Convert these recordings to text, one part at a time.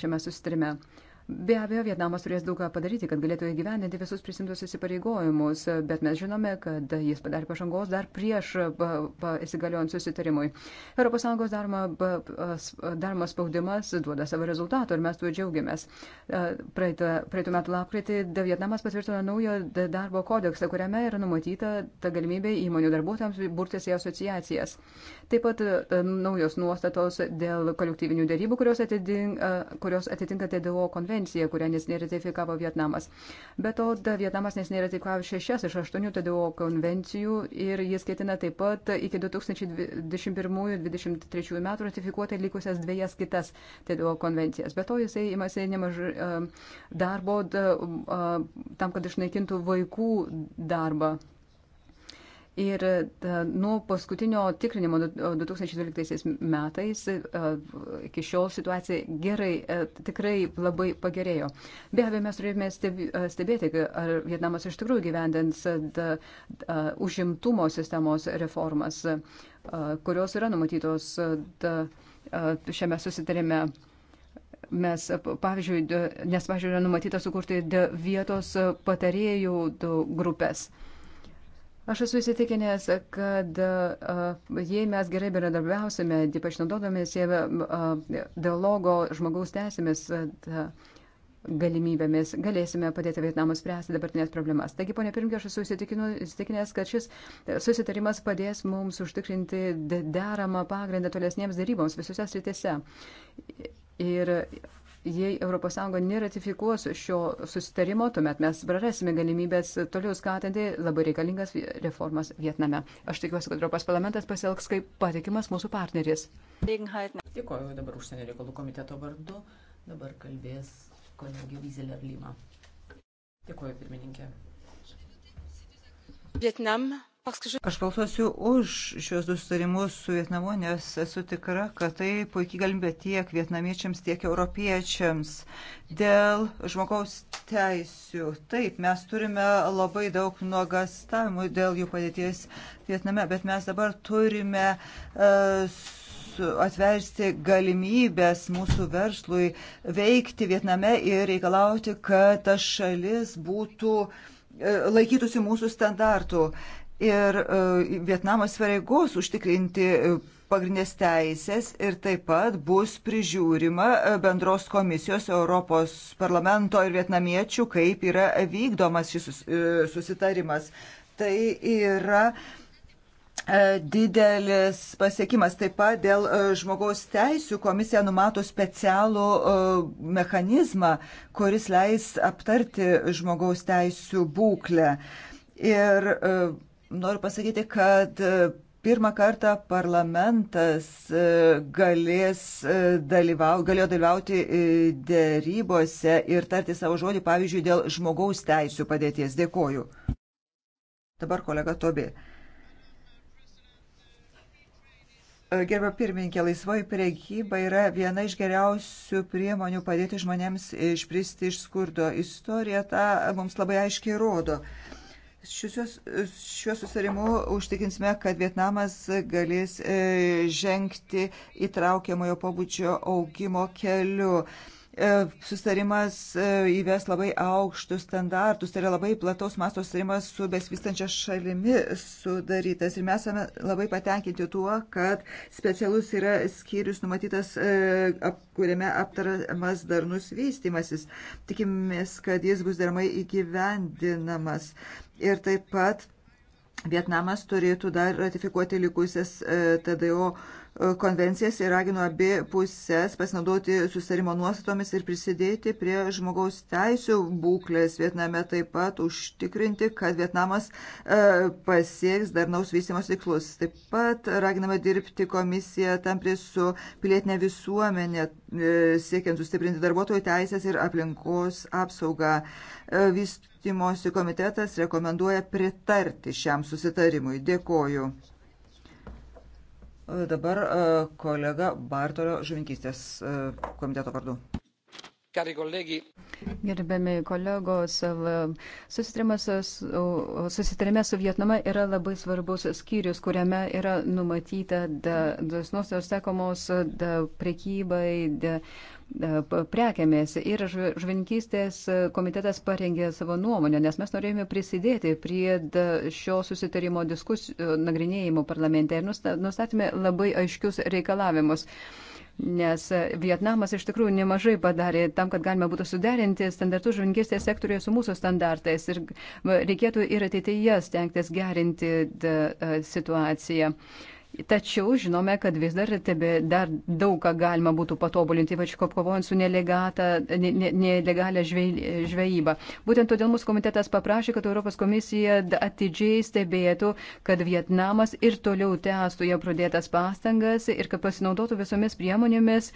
šiame susitarime. Be abejo, Vietnamas turės daug ką padaryti, kad galėtų įgyvendinti visus prisimtus įsipareigojimus, bet mes žinome, kad jis padarė pažangos dar prieš įsigaliojant susitarimui. ES daromas spaudimas duoda savo rezultatų ir mes tuo džiaugiamės. Praeitų metų lapkritį Vietnamas patvirtino naują darbo kodeksą, kuriame yra numatyta ta galimybė įmonių darbuotojams burtis į asociacijas. Taip pat naujos nuostatos dėl kolektyvinių dėrybų, kurios, atidink, kurios atitinka TDO konvenciją konvenciją, kurią nesiniai ratifikavo Vietnamas. Be to, Vietnamas nesiniai ratifikavo šešias iš aštuonių TDO konvencijų ir jis ketina taip pat iki 2021-2023 metų ratifikuoti likusias dviejas kitas TDO konvencijas. Be to, jisai imasi nemažai darbo tam, kad išnaikintų vaikų darbą. Ir e, nuo paskutinio tikrinimo 2012 metais e, iki šiol situacija gerai, e, tikrai labai pagerėjo. Be abejo, mes turėjome stebėti, ar Vietnamas iš tikrųjų gyvendins užimtumo sistemos reformas, kurios yra numatytos šiame susitarime mes, pavyzdžiui, nes, pavyzdžiui, yra numatyta sukurti vietos patarėjų grupės. Aš esu įsitikinęs, kad jei mes gerai bendradarbiausime, ypač naudodamės dialogo žmogaus teisėmis galimybėmis, galėsime padėti Vietnamui spręsti dabartinės problemas. Taigi, ponė pirmkė, aš esu įsitikinęs, kad šis susitarimas padės mums užtikrinti deramą pagrindą tolesniems daryboms visose sritise. Ir Jei ES neratifikuos šio susitarimo, tuomet mes prarasime galimybės toliau skatinti labai reikalingas reformas Vietname. Aš tikiuosi, kad Europos parlamentas pasielgs kaip patikimas mūsų partneris. Dėkuoju dabar užsienio reikalų komiteto vardu. Dabar kalbės kolegė Vizelė Lima. Dėkuoju pirmininkė. Vietnam Aš balsuosiu už šios du sutarimus su Vietnamu, nes esu tikra, kad tai puikiai galimybė tiek vietnamiečiams, tiek europiečiams. Dėl žmogaus teisių. Taip, mes turime labai daug nuogastavimų dėl jų padėties Vietname, bet mes dabar turime uh, atversti galimybės mūsų verslui veikti Vietname ir reikalauti, kad ta šalis būtų e, laikytųsi mūsų standartų ir e, Vietnamas pareigos užtikrinti e, pagrindinės teisės ir taip pat bus prižiūrima e, bendros komisijos Europos parlamento ir vietnamiečių, kaip yra vykdomas šis susitarimas. Tai yra didelis pasiekimas. Taip pat dėl žmogaus teisų komisija numato specialų mechanizmą, kuris leis aptarti žmogaus teisų būklę. Ir uh, Noriu pasakyti, kad e, pirmą kartą parlamentas e, galės e, dalyvau, galėjo dalyvauti dėrybose ir tarti savo žodį, pavyzdžiui, dėl žmogaus teisų padėties. Dėkoju. Dabar kolega Tobi. Gerba pirmininkė, laisvoji priekyba yra viena iš geriausių priemonių padėti žmonėms išpristi iš skurdo. Istorija tą mums labai aiškiai rodo. Šiuo susirimu užtikinsime, kad Vietnamas galės e, žengti įtraukiamojo pobūdžio augimo keliu. E, sustarimas e, įves labai aukštus standartus, tai yra labai plataus masto sustarimas su besvystančia šalimi sudarytas. Ir mes esame labai patenkinti tuo, kad specialus yra skyrius numatytas, e, kuriame aptaramas darnus vystimasis. Tikimės, kad jis bus deramai įgyvendinamas. Ir taip pat Vietnamas turėtų dar ratifikuoti likusias TDO konvencijas ir ragino abi pusės pasinaudoti susitarimo nuostatomis ir prisidėti prie žmogaus teisų būklės Vietname, taip pat užtikrinti, kad Vietnamas e, pasieks darnaus vystimos tiklus. Taip pat raginama dirbti komisiją tampri su pilietinė visuomenė, e, siekiant sustiprinti darbuotojų teisės ir aplinkos apsaugą. E, Vystymosi komitetas rekomenduoja pritarti šiam susitarimui. Dėkoju. Dabar e, kolega Bartolio žuvinkystės e, komiteto vardu. Gerbiami kolegos, susitarime su Vietnama yra labai svarbus skyrius, kuriame yra numatyta dosnosios tekomos prekybai. De, E, prekiamės ir žvinkystės komitetas parengė savo nuomonę, nes mes norėjome prisidėti prie šio susitarimo diskusijų e, nagrinėjimo parlamente ir nustatėme labai aiškius reikalavimus. Nes Vietnamas iš tikrųjų nemažai padarė tam, kad galima būtų suderinti standartus žuvininkystės sektoriuje su mūsų standartais ir reikėtų ir ateityje stengtis gerinti e, situaciją. Uh, Tačiau žinome, kad vis dar, tebe, dar daug ką galima būtų patobulinti, ypač kovojant su nelegalia žvejyba. Būtent todėl mūsų komitetas paprašė, kad Europos komisija atidžiai stebėtų, kad Vietnamas ir toliau tęstų jo pradėtas pastangas ir kad pasinaudotų visomis priemonėmis,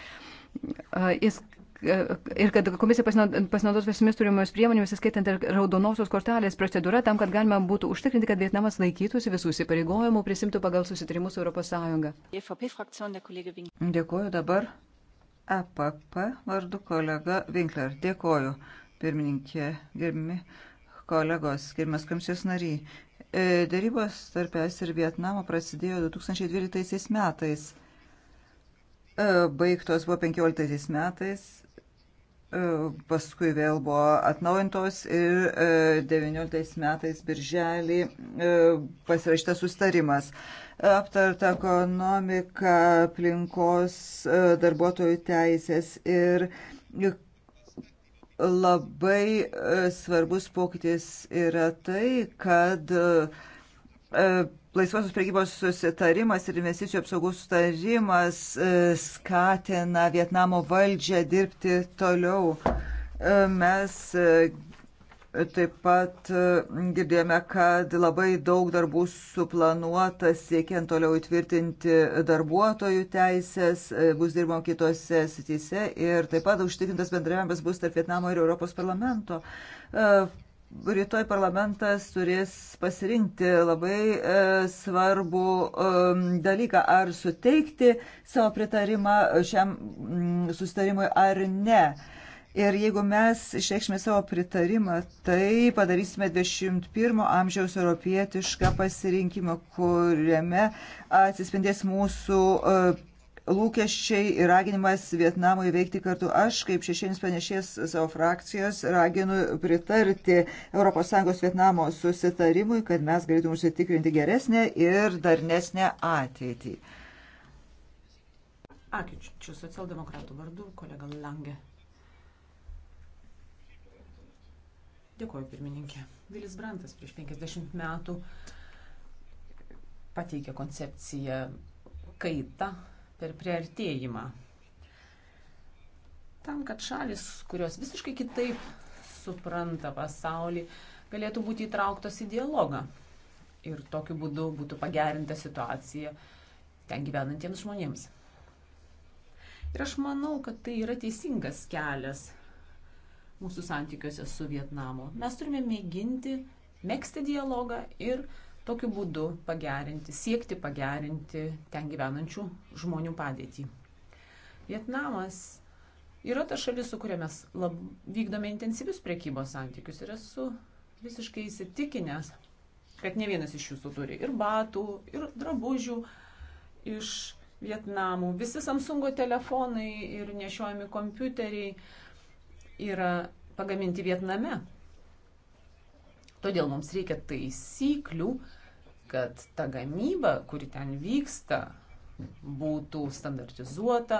ir kad komisija pasinaudos visomis turimomis priemonėmis, įskaitant ir raudonosios kortelės procedūrą, tam, kad galima būtų užtikrinti, kad Vietnamas laikytųsi visų įsipareigojimų prisimtų pagal susitarimus su ES. Dėkuoju dabar EPP vardu kolega Winkler. Dėkuoju, pirmininkė, gerbimi kolegos, gerbimas komisijos nariai. E, dėrybos tarp ES ir Vietnamo prasidėjo 2012 metais. E, baigtos buvo 15 metais E, paskui vėl buvo atnaujintos ir 19 e, metais birželį e, pasirašytas sustarimas. Aptarta ekonomika, aplinkos, darbuotojų teisės ir labai svarbus pokytis yra tai, kad Laisvosios priekybos susitarimas ir investicijų apsaugos susitarimas e, skatina Vietnamo valdžią dirbti toliau. E, mes e, taip pat girdėjome, kad labai daug darbų suplanuota siekiant toliau įtvirtinti darbuotojų teisės, bus dirbama kitose sityse ir taip pat užtikrintas bendravimas bus tarp Vietnamo ir Europos parlamento Rytoj parlamentas turės pasirinkti labai e, svarbų e, dalyką, ar suteikti savo pritarimą šiam mm, sustarimui ar ne. Ir jeigu mes išreikšime savo pritarimą, tai padarysime 21 amžiaus europietišką pasirinkimą, kuriame atsispindės mūsų e, lūkesčiai ir raginimas Vietnamui veikti kartu. Aš, kaip šešėlis panešės savo frakcijos, raginu pritarti ES Vietnamo susitarimui, kad mes galėtume užsitikrinti geresnę ir darnesnę ateitį. Ačiū, čia socialdemokratų vardu, kolega Lange. Dėkuoju, pirmininkė. Vilis Brantas prieš 50 metų pateikė koncepciją kaita per priartėjimą. Tam, kad šalis, kurios visiškai kitaip supranta pasaulį, galėtų būti įtrauktos į dialogą. Ir tokiu būdu būtų pagerinta situacija ten gyvenantiems žmonėms. Ir aš manau, kad tai yra teisingas kelias mūsų santykiuose su Vietnamu. Mes turime mėginti mėgsti dialogą ir tokiu būdu pagerinti, siekti pagerinti ten gyvenančių žmonių padėtį. Vietnamas yra ta šalis, su kuria mes lab, vykdome intensyvius priekybos santykius ir esu visiškai įsitikinęs, kad ne vienas iš jūsų turi ir batų, ir drabužių iš Vietnamų. Visi Samsungo telefonai ir nešiojami kompiuteriai yra pagaminti Vietname. Todėl mums reikia taisyklių, kad ta gamyba, kuri ten vyksta, būtų standartizuota,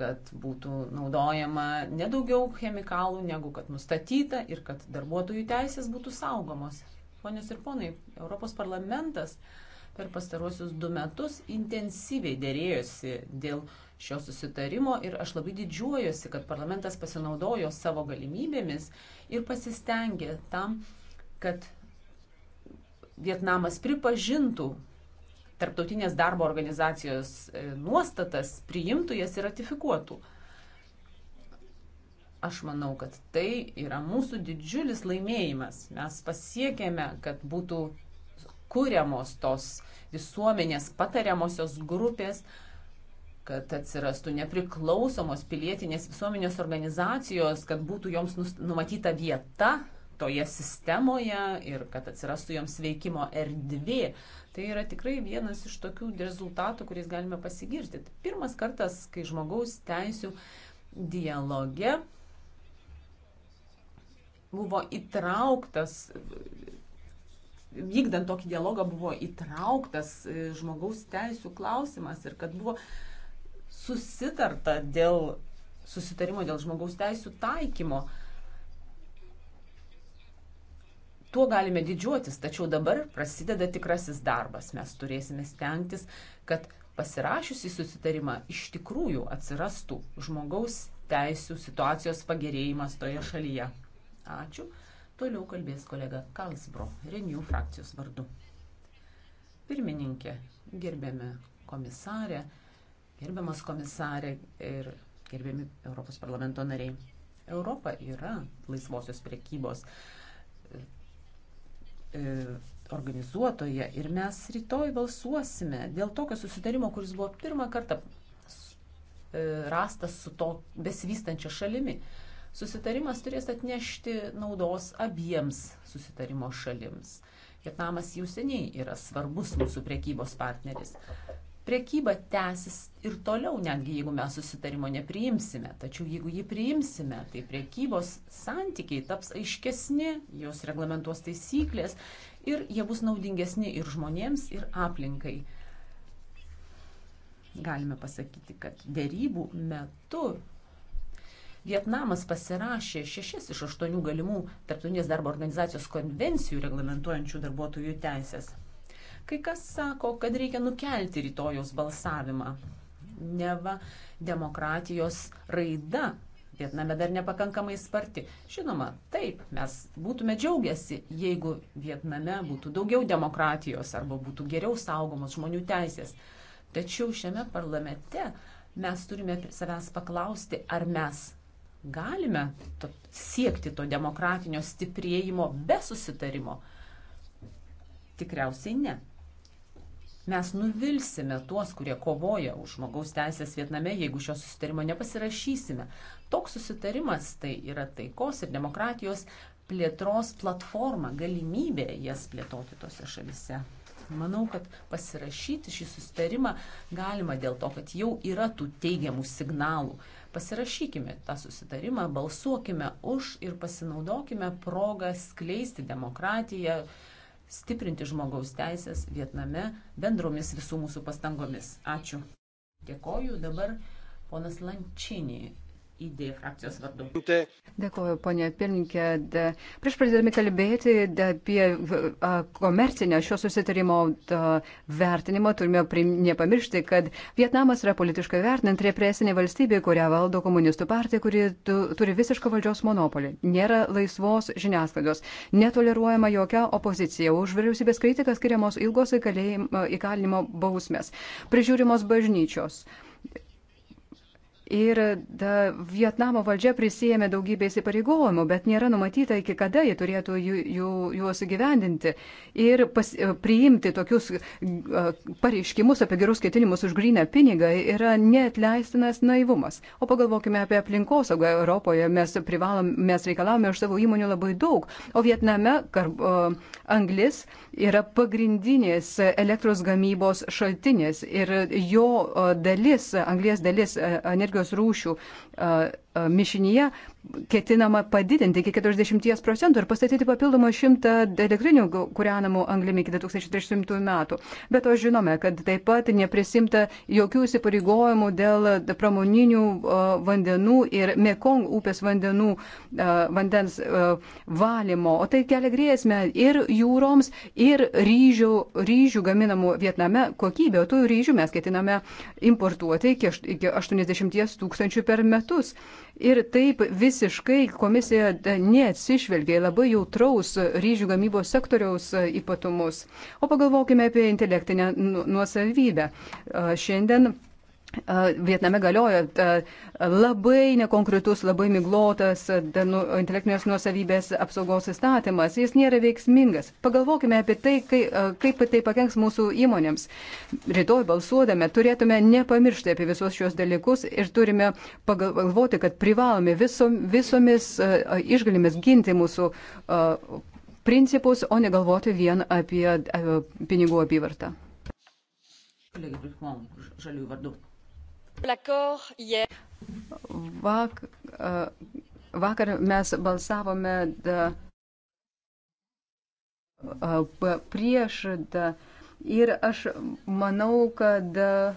kad būtų naudojama nedaugiau chemikalų, negu kad nustatyta ir kad darbuotojų teisės būtų saugomos. Ponios ir ponai, Europos parlamentas per pastarosius du metus intensyviai dėrėjosi dėl šio susitarimo ir aš labai didžiuojuosi, kad parlamentas pasinaudojo savo galimybėmis ir pasistengė tam, kad Vietnamas pripažintų tarptautinės darbo organizacijos e, nuostatas, priimtų jas ir ratifikuotų. Aš manau, kad tai yra mūsų didžiulis laimėjimas. Mes pasiekėme, kad būtų kuriamos tos visuomenės patariamosios grupės, kad atsirastų nepriklausomos pilietinės visuomenės organizacijos, kad būtų joms numatyta vieta toje sistemoje ir kad atsirastų joms veikimo erdvė. Tai yra tikrai vienas iš tokių rezultatų, kuriais galime pasigirti. Tai pirmas kartas, kai žmogaus teisų dialoge buvo įtrauktas, vykdant tokį dialogą buvo įtrauktas e, žmogaus teisų klausimas ir kad buvo susitarta dėl susitarimo dėl žmogaus teisų taikymo. Uh, Tuo galime didžiuotis, tačiau dabar prasideda tikrasis darbas. Mes turėsime stengtis, kad pasirašiusi susitarimą iš tikrųjų atsirastų žmogaus teisų situacijos pagerėjimas toje šalyje. Ačiū. Toliau kalbės kolega Kalsbro, Renew frakcijos vardu. Pirmininkė, gerbiami komisarė, gerbiamas komisarė ir gerbiami Europos parlamento nariai. Europa yra laisvosios priekybos E, organizuotoje ir mes rytoj balsuosime dėl tokio susitarimo, kuris buvo pirmą kartą e, rastas su to besivystančia šalimi. Susitarimas turės atnešti naudos abiems susitarimo šalims. Vietnamas jau seniai yra svarbus mūsų prekybos partneris. Priekyba tęsis ir toliau, netgi jeigu mes susitarimo nepriimsime. Tačiau jeigu jį priimsime, tai priekybos santykiai taps aiškesni, jos reglamentuos taisyklės ir jie bus naudingesni ir žmonėms, ir aplinkai. Galime pasakyti, kad dėrybų metu Vietnamas pasirašė šešias iš aštuonių galimų tarptautinės darbo organizacijos konvencijų reglamentuojančių darbuotojų teisės. Kai kas sako, kad reikia nukelti rytojus balsavimą. Neva demokratijos raida Vietname dar nepakankamai sparti. Žinoma, taip, mes būtume džiaugiasi, jeigu Vietname būtų daugiau demokratijos arba būtų geriau saugomos žmonių teisės. Tačiau šiame parlamente mes turime savęs paklausti, ar mes galime to, siekti to demokratinio stiprėjimo be susitarimo. Tikriausiai ne. Mes nuvilsime tuos, kurie kovoja už žmogaus teisės Vietname, jeigu šio susitarimo nepasirašysime. Toks susitarimas tai yra taikos ir demokratijos plėtros platforma, galimybė jas plėtoti tose šalise. Manau, kad pasirašyti šį susitarimą galima dėl to, kad jau yra tų teigiamų signalų. Pasirašykime tą susitarimą, balsuokime už ir pasinaudokime progą skleisti demokratiją, uh, stiprinti žmogaus teisės Vietname bendromis visų mūsų pastangomis. Ačiū. Dėkoju. Dabar ponas Lančinį ID frakcijos vardu. Dėkuoju, ponė pirmininkė. Prieš pradėdami kalbėti apie komercinę šio susitarimo vertinimą, turime nepamiršti, kad Vietnamas yra politiškai vertinant represinė valstybė, kurią valdo komunistų partija, kuri turi visišką valdžios monopolį. Nėra laisvos žiniasklaidos, netoleruojama jokia opozicija. Už vyriausybės kritiką skiriamos ilgos įkalinimo bausmės, prižiūrimos bažnyčios. Ir da, Vietnamo valdžia prisėmė daugybę įsipareigojimų, bet nėra numatyta, iki kada jie turėtų jų, jų, juos gyvendinti ir pas, e, priimti tokius e, pareiškimus apie gerus ketinimus už grinę pinigą yra neatleistinas naivumas. O pagalvokime apie aplinkosaugą Europoje, mes, privalom, mes reikalavome iš savo įmonių labai daug, o Vietname kar, o, e, anglis. Uh, yra pagrindinės elektros gamybos šaltinis ir jo dalis, anglės dalis energijos rūšių mišinyje ketinama padidinti iki 40 procentų ir pastatyti papildomą 100 elektrinių kūrenamų anglimi iki 2030 metų. Bet to žinome, kad taip pat neprisimta jokių įsipareigojimų dėl pramoninių vandenų ir Mekong upės vandenų, vandens valymo, o tai kelia grėsmę ir jūroms, ir ir ryžių, ryžių gaminamų Vietname kokybė, o tų ryžių mes ketiname importuoti iki 80 tūkstančių per metus. Ir taip visiškai komisija e, neatsižvelgia į labai jautraus ryžių gamybos sektoriaus e, ypatumus. O pagalvokime apie intelektinę nu-, nuosavybę. Šiandien Vietname galiojo e, labai nekonkretus, labai miglotas e, nu, intelektinės nuosavybės apsaugos įstatymas. Jis nėra veiksmingas. Pagalvokime apie tai, e, kaip tai pakenks mūsų įmonėms. Rytoj balsuodami turėtume nepamiršti apie visus šios dalykus ir turime pagalvoti, kad privalome visom, visomis išgalimis ginti mūsų principus, o negalvoti vien apie pinigų apyvartą. Žaliųjų vardu. Vak, uh, vakar mes balsavome da, uh, prieš da, ir aš manau, kad uh,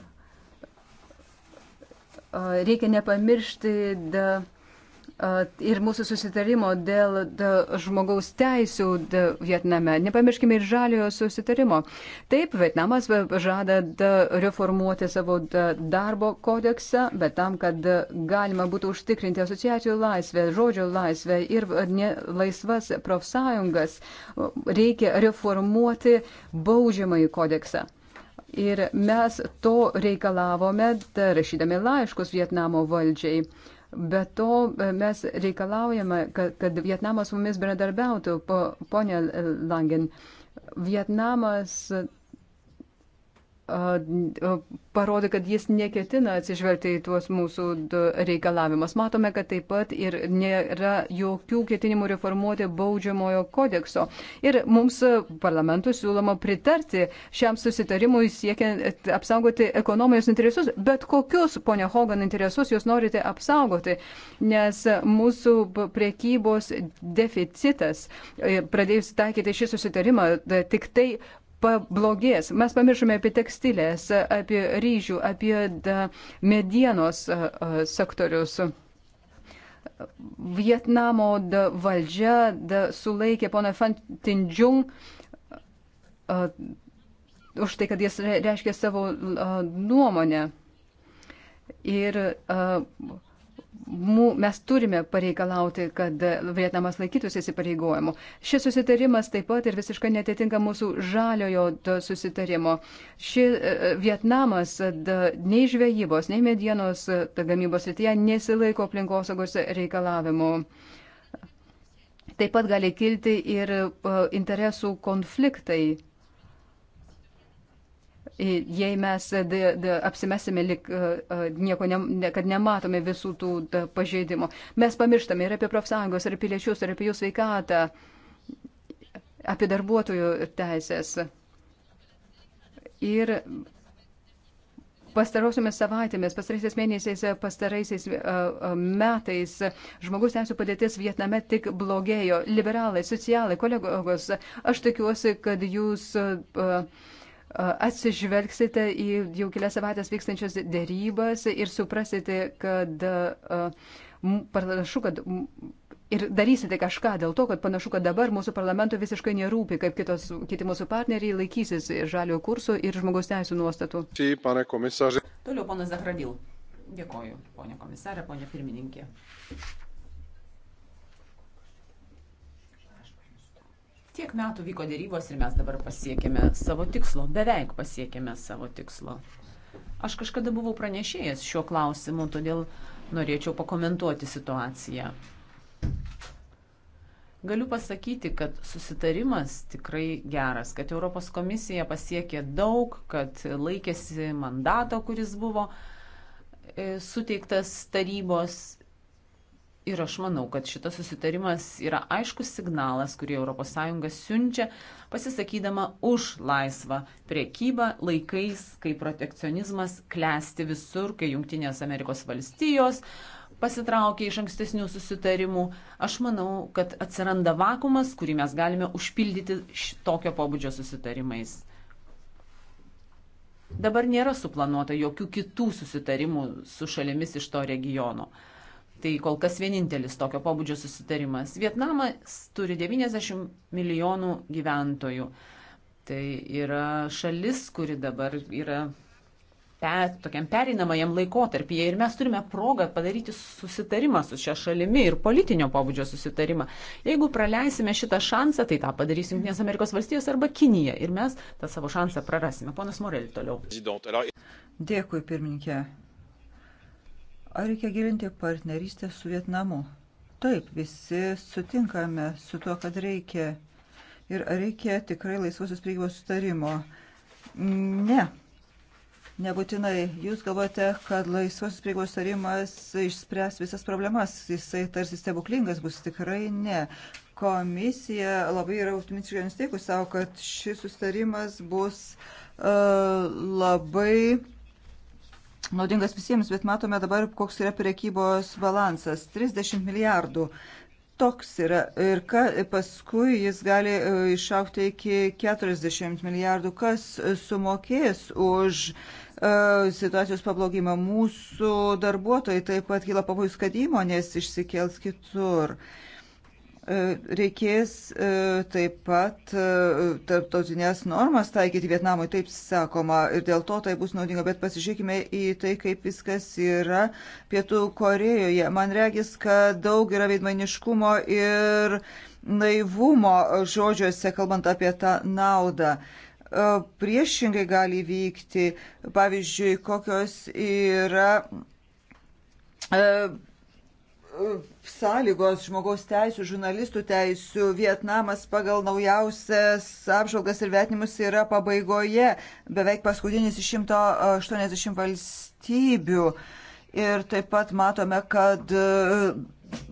reikia nepamiršti da, ir mūsų susitarimo dėl žmogaus teisų Vietname. Nepamirškime ir žaliojo susitarimo. Taip, Vietnamas žada reformuoti savo darbo kodeksą, bet tam, kad galima būtų užtikrinti asociacijų laisvę, žodžio laisvę ir laisvas profsąjungas, reikia reformuoti baudžiamąjį kodeksą. Ir mes to reikalavome, rašydami laiškus Vietnamo valdžiai. Be to e, mes reikalaujame, kad, kad Vietnamas su mumis bendradarbiautų, po, ponė Langen. Vietnamas parodė, kad jis neketina atsižvelgti į tuos mūsų reikalavimus. Matome, kad taip pat ir nėra jokių ketinimų reformuoti baudžiamojo kodekso. Ir mums parlamentų siūloma pritarti šiam susitarimui siekiant apsaugoti ekonomijos interesus, bet kokius, ponia Hogan, interesus jūs norite apsaugoti, nes mūsų priekybos deficitas, e, pradėjus taikyti šį susitarimą, tik tai pablogės. Mes pamiršome apie tekstilės, apie ryžių, apie medienos sektorius. Vietnamo da valdžia da sulaikė poną Fantindžiung už tai, kad jis reiškia savo nuomonę. Ir uh, mes turime pareikalauti, kad Vietnamas laikytųsi įsipareigojimų. Šis susitarimas taip pat ir visiškai netitinka mūsų žaliojo susitarimo. Ši e, Vietnamas nei žvejybos, nei medienos e, gamybos rytyje nesilaiko aplinkosaugos reikalavimų. Taip pat gali kilti ir e, interesų konfliktai jei mes de, de, apsimesime, lik, e, e, nieko ne, ne, kad nematome visų tų de, pažeidimų. Mes pamirštame ir apie profsąjungos, ir apie piliečius, ir apie jų sveikatą, apie darbuotojų teisės. Ir pastarosiomis savaitėmis, pastaraisiais mėnesiais, pastaraisiais e, metais žmogus teisų padėtis Vietname tik blogėjo. Liberalai, socialai, kolegos, aš tikiuosi, kad jūs. Uh, atsižvelgsite į jau kelias savaitės vykstančias dėrybas ir suprasite, kad panašu, kad ir darysite kažką dėl to, kad panašu, kad dabar mūsų parlamentui visiškai nerūpi, kaip kitos, kiti mūsų partneriai laikysis žaliojo kurso ir žmogaus teisų nuostatų. Toliau ponas Zahradil. Dėkoju, ponė komisarė, ponė pirmininkė. Tiek metų vyko dėrybos ir mes dabar pasiekėme savo tikslo, beveik pasiekėme savo tikslo. Aš kažkada buvau pranešėjęs šiuo klausimu, todėl norėčiau pakomentuoti situaciją. Galiu pasakyti, kad susitarimas tikrai geras, kad Europos komisija pasiekė daug, kad laikėsi mandato, kuris buvo e, suteiktas tarybos Ir aš manau, kad šitas susitarimas yra aiškus signalas, kurį ES siunčia, pasisakydama už laisvą priekybą laikais, kai protekcionizmas klesti visur, kai Junktinės Amerikos valstijos pasitraukia iš ankstesnių susitarimų. Aš manau, kad atsiranda vakumas, kurį mes galime užpildyti šitokio pobūdžio susitarimais. Dabar nėra suplanuota jokių kitų susitarimų su šalimis iš to regiono. Tai kol kas vienintelis tokio pobūdžio susitarimas. Vietnamas turi 90 milijonų gyventojų. Tai yra šalis, kuri dabar yra pe, tokiam pereinamajam laikotarpyje ir mes turime progą padaryti susitarimą su šia šalimi ir politinio pobūdžio susitarimą. Jeigu praleisime šitą šansą, tai tą padarys Junktinės Amerikos valstijos arba Kinija ir mes tą savo šansą prarasime. Ponas Morelį toliau. Dėkui, pirmininkė. Ar reikia gilinti partnerystę su Vietnamu? Taip, visi sutinkame su tuo, kad reikia. Ir ar reikia tikrai laisvosios priekybos sutarimo? Ne. Nebūtinai. Jūs galvojate, kad laisvosios priekybos sutarimas išspręs visas problemas. Jisai tarsi stebuklingas bus. Tikrai ne komisija labai yra optimistiškai nusteikus savo, kad šis sustarimas bus uh, labai naudingas visiems, bet matome dabar, koks yra prekybos balansas - 30 milijardų. Toks yra ir ka, paskui jis gali e, išaukti iki 40 milijardų, kas e, sumokės už uh, situacijos pablogimą. Mūsų darbuotojai taip pat kyla pavojus, kad įmonės išsikels kitur. Uh, E, reikės e, taip pat e, tarptautinės normas taikyti Vietnamui, taip sakoma, ir dėl to tai bus naudinga, bet pasižiūrėkime į tai, kaip viskas yra Pietų Korejoje. Man regis, kad daug yra veidmaniškumo ir naivumo žodžiuose, kalbant apie tą naudą priešingai gali vykti, pavyzdžiui, kokios yra sąlygos žmogaus teisų, žurnalistų teisų, Vietnamas pagal naujausias apžvalgas ir vertinimus yra pabaigoje, beveik paskutinis iš 180 valstybių. Ir taip pat matome, kad e,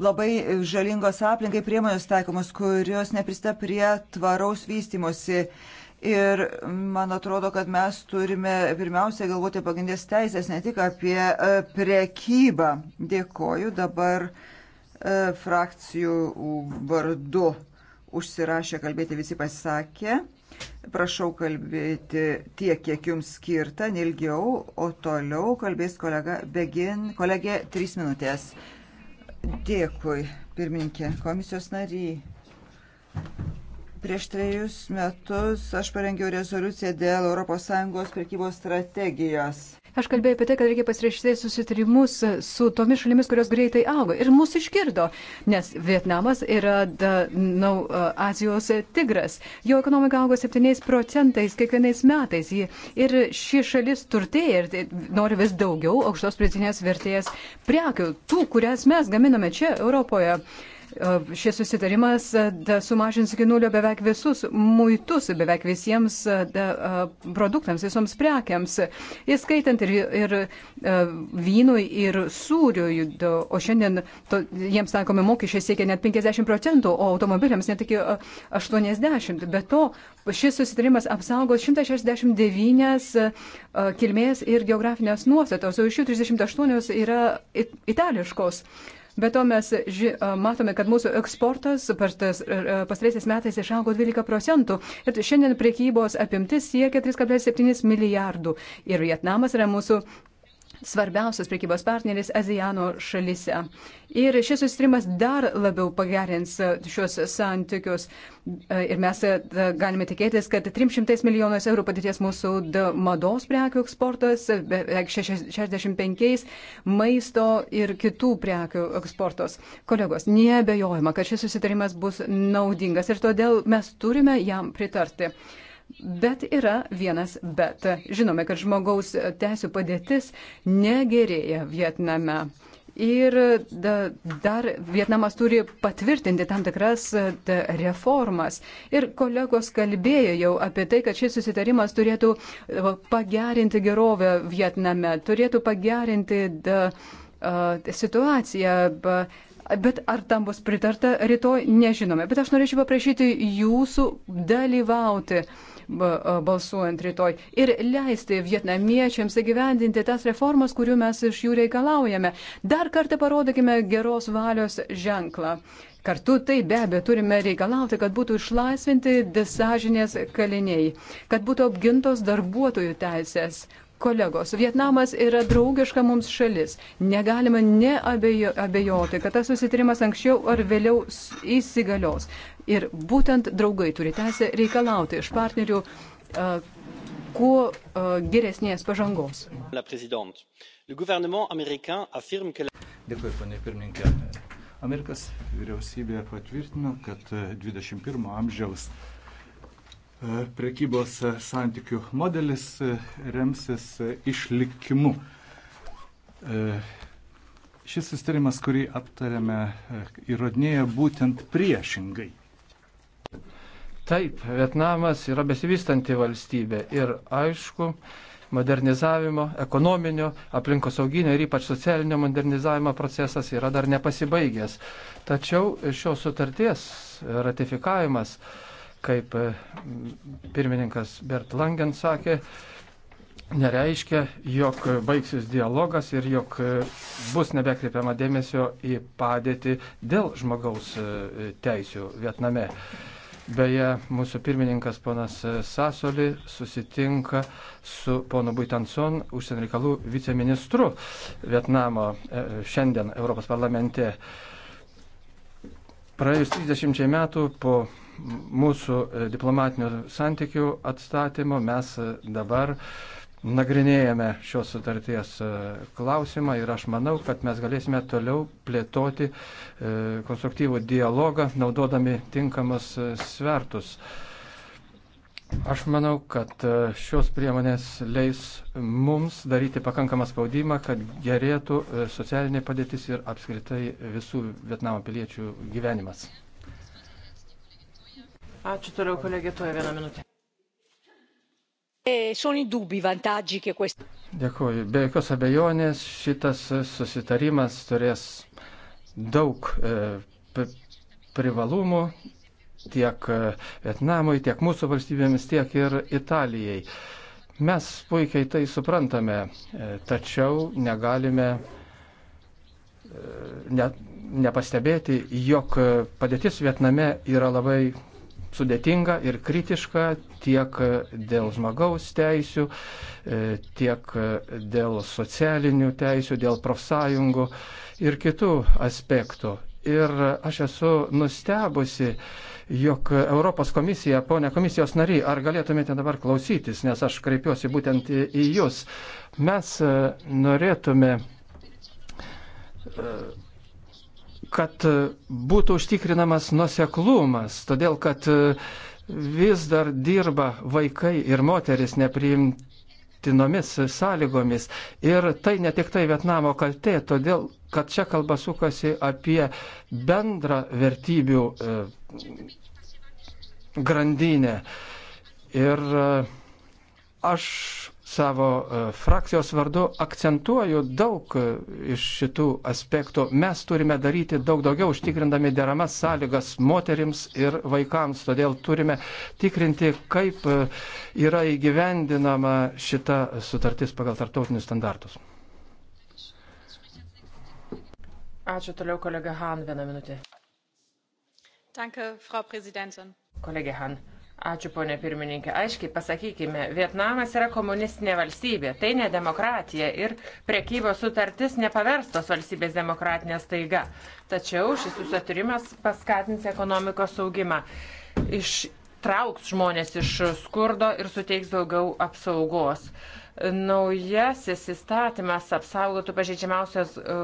labai žalingos aplinkai priemonės taikomos, kurios neprista prie tvaraus vystimosi. Uh, Ir man atrodo, kad mes turime pirmiausia galvoti pagrindės teisės, ne tik apie e, prekybą. Dėkoju dabar e, frakcijų vardu užsirašė kalbėti visi pasisakė. Prašau kalbėti tiek, kiek jums skirta, nelgiau, o toliau kalbės kolega Begin, kolegė 3 minutės. Dėkui, pirmininkė, komisijos nariai. Prieš trejus metus aš parengiau rezoliuciją dėl ES prekybos strategijos. Aš kalbėjau apie tai, kad reikia pasirašyti susitarimus su tomis šalimis, kurios greitai auga. Ir mūsų išgirdo, nes Vietnamas yra da, nau, Azijos tigras. Jo ekonomika auga 7 procentais kiekvienais metais. Ir ši šalis turtėja ir nori vis daugiau aukštos pridėtinės vertės prekių, tų, kurias mes gaminame čia Europoje. Šis susitarimas e, sumažins iki nulio beveik visus muitus, beveik visiems e, e, produktams, visoms prekiams, įskaitant ir, ir vynui, ir sūriui. O šiandien to, jiems taikomi mokesčiai siekia net 50 procentų, o automobiliams net iki 80. Be to, šis susitarimas apsaugos 169 kilmės ir geografinės nuostatos, o iš jų 38 yra itališkos. Be to mes ži, matome, kad mūsų eksportas pastaraisiais metais išaugo 12 procentų ir šiandien priekybos apimtis siekia 3,7 milijardų. Ir Vietnamas yra mūsų svarbiausias priekybos partneris Azijano šalise. Ir šis sustrimas dar labiau pagerins šios santykius. Ir mes e, galime tikėtis, kad 300 milijonus eurų padidės mūsų mados prekių eksportas, beveik 65 maisto ir kitų prekių eksportos. Kolegos, nebejojama, kad šis susitarimas bus naudingas ir todėl mes turime jam pritarti. Bet yra vienas bet. Žinome, kad žmogaus teisų padėtis negerėja Vietname. Ir da, dar Vietnamas turi patvirtinti tam tikras da, reformas. Ir kolegos kalbėjo jau apie tai, kad šis susitarimas turėtų pagerinti gerovę Vietname, turėtų pagerinti da, a, situaciją. Ba, Bet ar tam bus pritarta rytoj, nežinome. Bet aš norėčiau paprašyti jūsų dalyvauti uh, balsuojant rytoj ir leisti vietnamiečiams įgyvendinti tas reformas, kurių mes iš jų reikalaujame. Dar kartą parodykime geros valios ženklą. Kartu tai be abejo turime reikalauti, kad būtų išlaisvinti desažinės kaliniai, kad būtų apgintos darbuotojų teisės, kolegos, Vietnamas yra draugiška mums šalis. Negalima neabejoti, kad tas susitarimas anksčiau ar vėliau įsigalios. Ir būtent draugai turi teisę reikalauti iš partnerių kuo geresnės pažangos. Dėkui, panė pirmininkė. Amerikos vyriausybė patvirtino, kad 21 e, amžiaus e, prekybos e, santykių modelis remsis išlikimu. Šis sustarimas, kurį aptarėme, įrodinėja būtent priešingai. Taip, Vietnamas yra besivystanti valstybė ir aišku, modernizavimo, ekonominio, aplinkosauginio ir ypač socialinio modernizavimo procesas yra dar nepasibaigęs. Tačiau šios sutarties ratifikavimas, kaip mm, pirmininkas Bert Langen sakė, nereiškia, jog baigsis dialogas ir jog e, bus nebekreipiama dėmesio į padėtį dėl žmogaus e, teisių Vietname. Beje, mūsų pirmininkas ponas Sasoli susitinka su ponu Buitanson, užsienio reikalų viceministru Vietnamo e, šiandien Europos parlamente. Praėjus 30 metų po mūsų diplomatinių santykių atstatymo mes dabar uh, nagrinėjame šios sutarties e, klausimą ir aš manau, kad mes galėsime toliau plėtoti e, konstruktyvų dialogą, naudodami tinkamas e, svertus. Aš manau, kad šios priemonės leis mums daryti pakankamą spaudimą, kad gerėtų socialinė padėtis ir apskritai visų Vietnamo piliečių gyvenimas. Ačiū toliau, kolegė, tuoj vieną minutę. E Dėkuoju. Be jokios abejonės šitas e, susitarimas turės daug e, privalumų tiek e, Vietnamui, tiek mūsų valstybėmis, tiek ir Italijai. Mes puikiai tai suprantame, e, tačiau negalime e, ne, nepastebėti, jog padėtis Vietname yra labai sudėtinga ir kritiška tiek dėl žmogaus teisių, e, tiek dėl socialinių teisių, dėl profsąjungų ir kitų aspektų. Ir aš esu nustebusi, jog Europos komisija, ponė komisijos nariai, ar galėtumėte dabar klausytis, nes aš kreipiuosi būtent į, į jūs. Mes e, norėtume e, kad e, būtų užtikrinamas nuseklumas, todėl kad e, vis dar dirba vaikai ir moteris nepriimtinomis sąlygomis. Ir tai ne tik tai Vietnamo kaltė, todėl kad čia kalba sukasi apie bendrą vertybių e, grandinę. Ir aš savo e, frakcijos vardu akcentuoju daug e, iš šitų aspektų. Mes turime daryti daug daugiau, užtikrindami deramas sąlygas moterims ir vaikams. Todėl turime tikrinti, kaip e, yra įgyvendinama šita sutartis pagal tarptautinius standartus. Ačiū toliau kolega Han, vieną minutę. Danke, Frau Präsidentin. Kolegė Han. Ačiū, ponė pirmininkė. Aiškiai pasakykime, Vietnamas yra komunistinė valstybė, tai ne demokratija ir prekybos sutartis nepaverstos valstybės demokratinės taiga. Tačiau šis susitarimas paskatins ekonomikos augimą. Ištrauks žmonės iš skurdo ir suteiks daugiau apsaugos. Naujasis įstatymas apsaugotų pažeidžiamiausias e,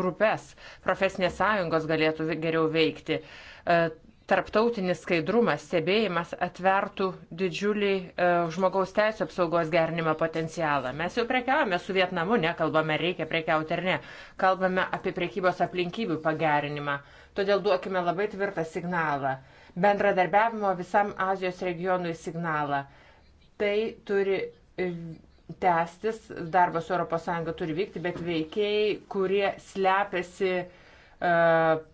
grupės, profesinės sąjungos galėtų geriau veikti e, tarptautinis skaidrumas, stebėjimas atvertų didžiulį e, žmogaus teisų apsaugos gernimo potencialą. Mes jau prekiavame su Vietnamu, nekalbame, reikia prekiauti ar ne, kalbame apie prekybos aplinkybių pagerinimą. Todėl duokime labai tvirtą signalą, bendradarbiavimo visam Azijos regionui signalą. Tai turi e, tęstis, darbas su ES turi vykti, bet veikiai, kurie slepiasi E,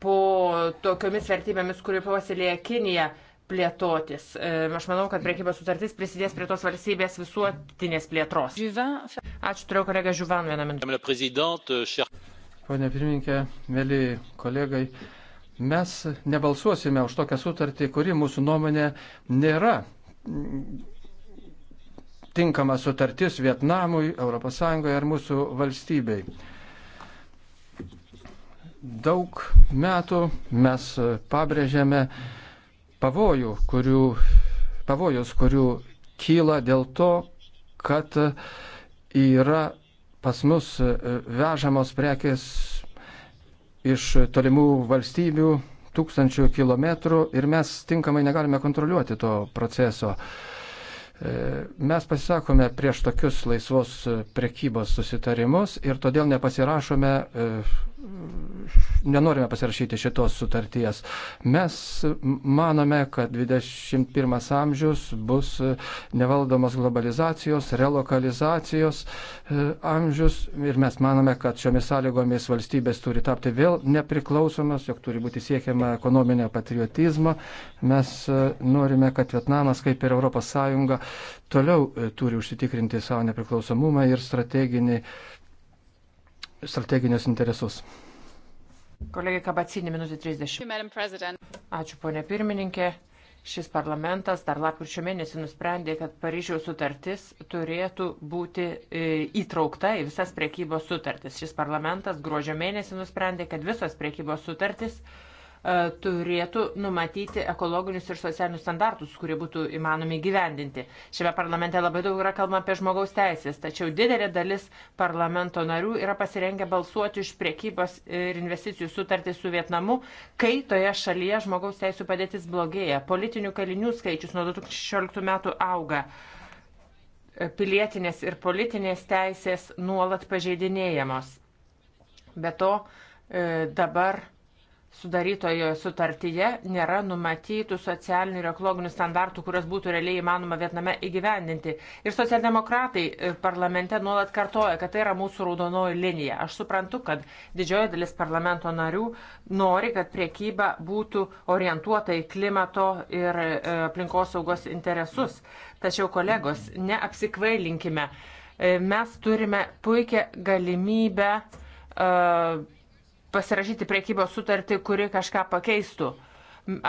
po tokiomis vertybėmis, kurių puoselėja Kinija, plėtotis. E, aš manau, kad prekybos sutartis prisidės prie tos valstybės visuotinės plėtros. Ačiū, turėjau kolegą Žuvan vieną minutę. Euh, Pone pirmininkė, mėly kolegai, mes nebalsuosime už tokią sutartį, kuri mūsų nuomonė nėra tinkama sutartis Vietnamui, ES ar mūsų valstybei. Daug metų mes pabrėžėme pavojų, kurių, pavojus, kurių kyla dėl to, kad yra pas mus vežamos prekės iš tolimų valstybių tūkstančių kilometrų ir mes tinkamai negalime kontroliuoti to proceso. E, mes pasisakome prieš tokius laisvos prekybos susitarimus ir todėl nepasirašome e, nenorime pasirašyti šitos sutarties. Mes manome, kad 21 amžius bus nevaldomas globalizacijos, relokalizacijos e, amžius ir mes manome, kad šiomis sąlygomis valstybės turi tapti vėl nepriklausomas, jog turi būti siekiama ekonominio patriotizmo. Mes e, norime, kad Vietnamas, kaip ir ES, toliau e, turi užsitikrinti savo nepriklausomumą ir strateginį strateginius interesus. Kolegė Kabacinė, minutė 30. Ačiū, ponė pirmininkė. Šis parlamentas dar lapkričio mėnesį nusprendė, kad Paryžiaus sutartis turėtų būti e, įtraukta į visas priekybos sutartis. Šis parlamentas gruodžio mėnesį nusprendė, kad visos priekybos sutartis uh, E, turėtų numatyti ekologinius ir socialinius standartus, kurie būtų įmanomi gyvendinti. Šiame parlamente labai daug yra kalbama apie žmogaus teisės, tačiau didelė dalis parlamento narių yra pasirengę balsuoti už priekybos ir investicijų sutartį su Vietnamu, kai toje šalyje žmogaus teisų padėtis blogėja. Politinių kalinių skaičius nuo 2016 metų auga. Pilietinės ir politinės teisės nuolat pažeidinėjamos. Be to, e, dabar sudarytojo sutartyje nėra numatytų socialinių ir ekologinių standartų, kurias būtų realiai įmanoma Vietname įgyvendinti. Ir socialdemokratai e, parlamente nuolat kartoja, kad tai yra mūsų raudonoji linija. Aš suprantu, kad didžioji dalis parlamento narių nori, kad priekyba būtų orientuota į klimato ir e, aplinkosaugos interesus. Tačiau, kolegos, neapsikvailinkime. E, mes turime puikią galimybę uh, pasirašyti priekybos sutartį, kuri kažką pakeistų.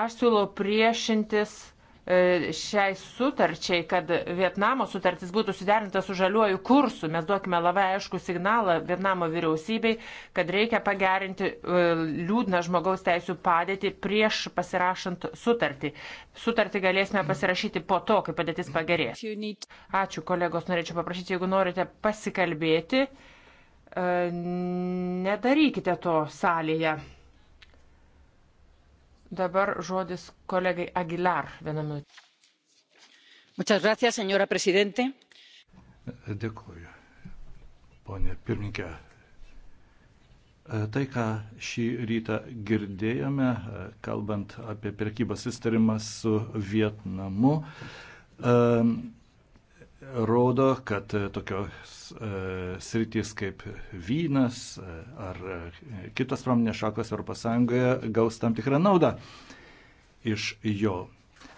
Aš siūlau priešintis e, šiai sutarčiai, kad Vietnamo sutartis būtų suderinta su žaliuoju kursu. Mes duokime labai aišku signalą Vietnamo vyriausybei, kad reikia pagerinti e, liūdną žmogaus teisų padėtį prieš pasirašant sutartį. Sutartį galėsime pasirašyti po to, kai padėtis pagerės. Ačiū kolegos, norėčiau paprašyti, jeigu norite pasikalbėti E, nedarykite to salėje. Dabar žodis kolegai Aguilar vieną minutę. Muchas gracias, señora presidente. Dėkuoju, ponė pirmininkė. E, tai, ką šį rytą girdėjome, e, kalbant apie prekybą sustarimą su Vietnamu, rodo, kad e, tokios e, sritys kaip vynas e, ar kitos pramonės šakos ES gaus tam tikrą naudą iš jo.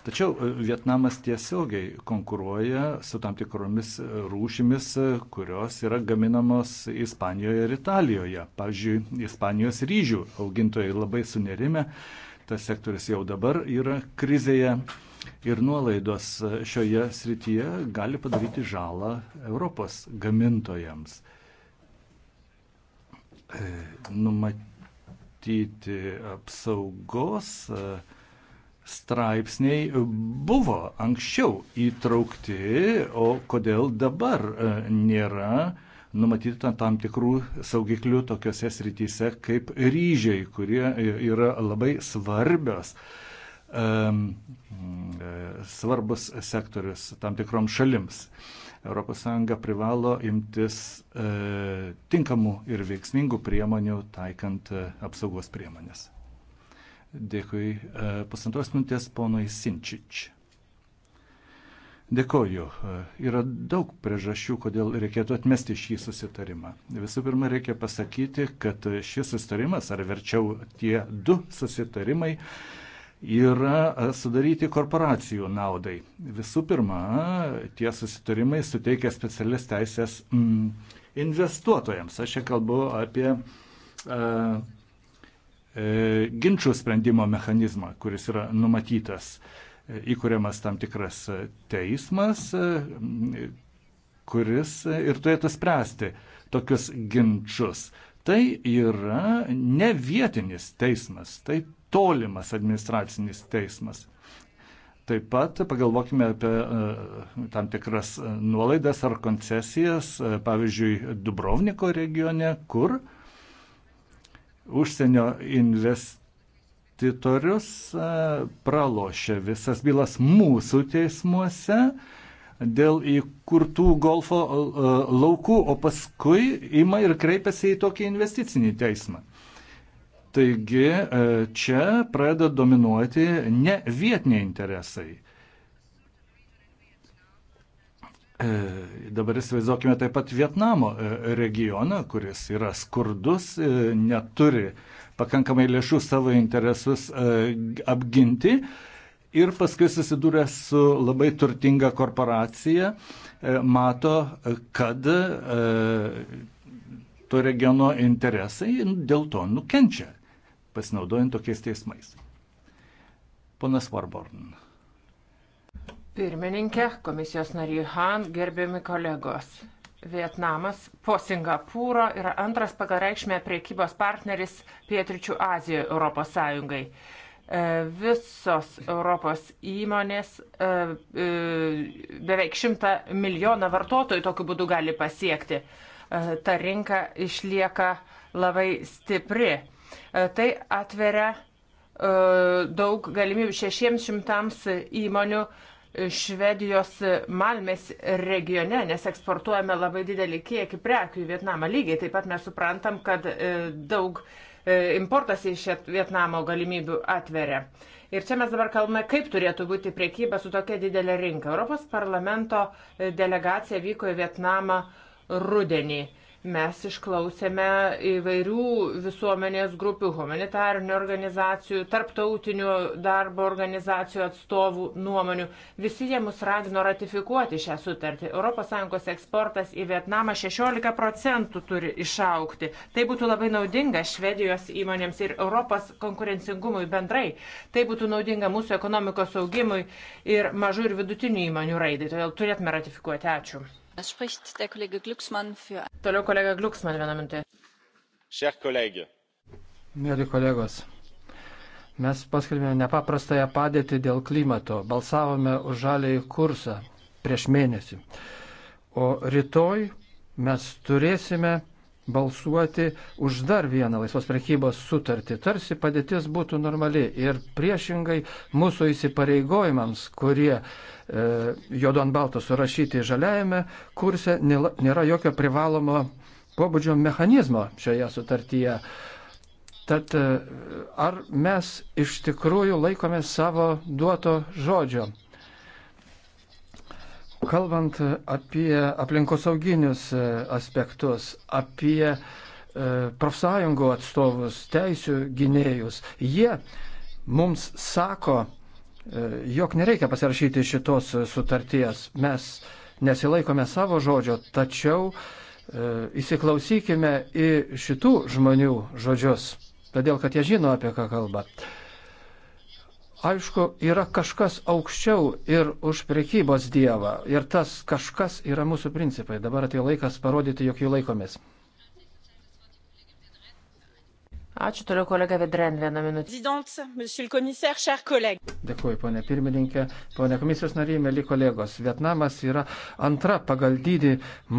Tačiau Vietnamas tiesiogiai konkuruoja su tam tikromis rūšimis, kurios yra gaminamos Ispanijoje ir Italijoje. Pavyzdžiui, Ispanijos ryžių augintojai labai sunerime, tas sektorius jau dabar yra krizėje ir nuolaidos šioje srityje gali padaryti žalą Europos gamintojams. E, numatyti apsaugos e, straipsniai buvo anksčiau įtraukti, o kodėl dabar e, nėra numatyti tam tikrų saugiklių tokiuose srityse kaip ryžiai, kurie yra labai svarbios svarbus sektorius tam tikrom šalims. ES privalo imtis e, tinkamų ir veiksmingų priemonių taikant e, apsaugos priemonės. Dėkui. E, pusantros minties ponui Sinčič. Dėkoju. E, yra daug priežasčių, kodėl reikėtų atmesti šį susitarimą. Visų pirma, reikia pasakyti, kad šis susitarimas, ar verčiau tie du susitarimai, e, yra sudaryti korporacijų naudai. Visų pirma, tie susitarimai suteikia specialias teisės mm, investuotojams. Aš čia kalbu apie e, e, ginčių sprendimo mechanizmą, kuris yra numatytas. E, Įkūriamas tam tikras teismas, e, kuris ir turėtų spręsti tokius ginčius. Tai yra ne vietinis teismas, tai tolimas administracinis teismas. Taip pat pagalvokime apie e, tam tikras e, nuolaidas ar koncesijas, e, pavyzdžiui, Dubrovniko regione, kur užsienio investitorius pralošė visas bylas mūsų teismuose dėl įkurtų golfo laukų, o paskui ima ir kreipiasi į tokį investicinį teismą. Taigi e, čia pradeda dominuoti ne vietiniai interesai. E, dabar įsivaizduokime taip pat Vietnamo e, regioną, kuris yra skurdus, neturi pakankamai lėšų savo interesus apginti ir paskui susidūrė su labai turtinga korporacija, mato, kad to regiono interesai dėl to nukenčia pasinaudojant tokiais teismais. Ponas Warborn. Pirmininkė, komisijos nariai Han, gerbiami kolegos. Vietnamas po Singapūro yra antras pagal reikšmę priekybos partneris Pietričių Azijoje ES. E, visos Europos įmonės e, e, beveik šimtą milijoną vartotojų tokiu būdu gali pasiekti. Ta rinka išlieka labai stipri E, tai atveria e, daug galimybių 600 įmonių Švedijos Malmės regione, nes eksportuojame labai didelį kiekį prekių į Vietnamą. Lygiai taip pat mes suprantam, kad e, daug importas iš Vietnamo galimybių atveria. Ir čia mes dabar kalbame, kaip turėtų būti priekyba su tokia didelė rinka. Europos parlamento delegacija vyko į Vietnamą rudenį. Mes išklausėme įvairių visuomenės grupių, humanitarinių organizacijų, tarptautinių darbo organizacijų atstovų nuomonių. Visi jie mus ragino ratifikuoti šią sutartį. ES eksportas į Vietnamą 16 procentų turi išaukti. Tai būtų labai naudinga Švedijos įmonėms ir Europos konkurencingumui bendrai. Tai būtų naudinga mūsų ekonomikos augimui ir mažų ir vidutinių įmonių raidai. Todėl turėtume ratifikuoti. Ačiū. Toliau kolega Gluksman vieną minutę. Mėly kolegos, mes paskelbėme nepaprastąją padėtį dėl klimato, balsavome už žalėjį kursą prieš mėnesį. O rytoj mes turėsime balsuoti už dar vieną laisvos prekybos sutartį, tarsi padėtis būtų normali ir priešingai mūsų įsipareigojimams, kurie e, juodo ant balto surašyti žaliajame kurse, nėra, nėra jokio privalomo pobūdžio mechanizmo šioje sutartyje. Tad e, ar mes iš tikrųjų laikomės savo duoto žodžio? Kalbant apie aplinkosauginius e, aspektus, apie e, profsąjungų atstovus, teisių gynėjus, jie mums sako, e, jog nereikia pasirašyti šitos sutarties. Mes nesilaikome savo žodžio, tačiau įsiklausykime į šitų žmonių žodžius, todėl kad jie žino, apie ką kalba aišku, yra kažkas aukščiau ir už priekybos dievą. Ir tas kažkas yra mūsų principai. Dabar atėjo laikas parodyti, jog jų laikomės. Ačiū toliau kolega Vedren, vieną minutę. Dėkuoju, ponė pirmininkė, ponė komisijos nariai, mėly kolegos. Vietnamas yra antra pagal dydį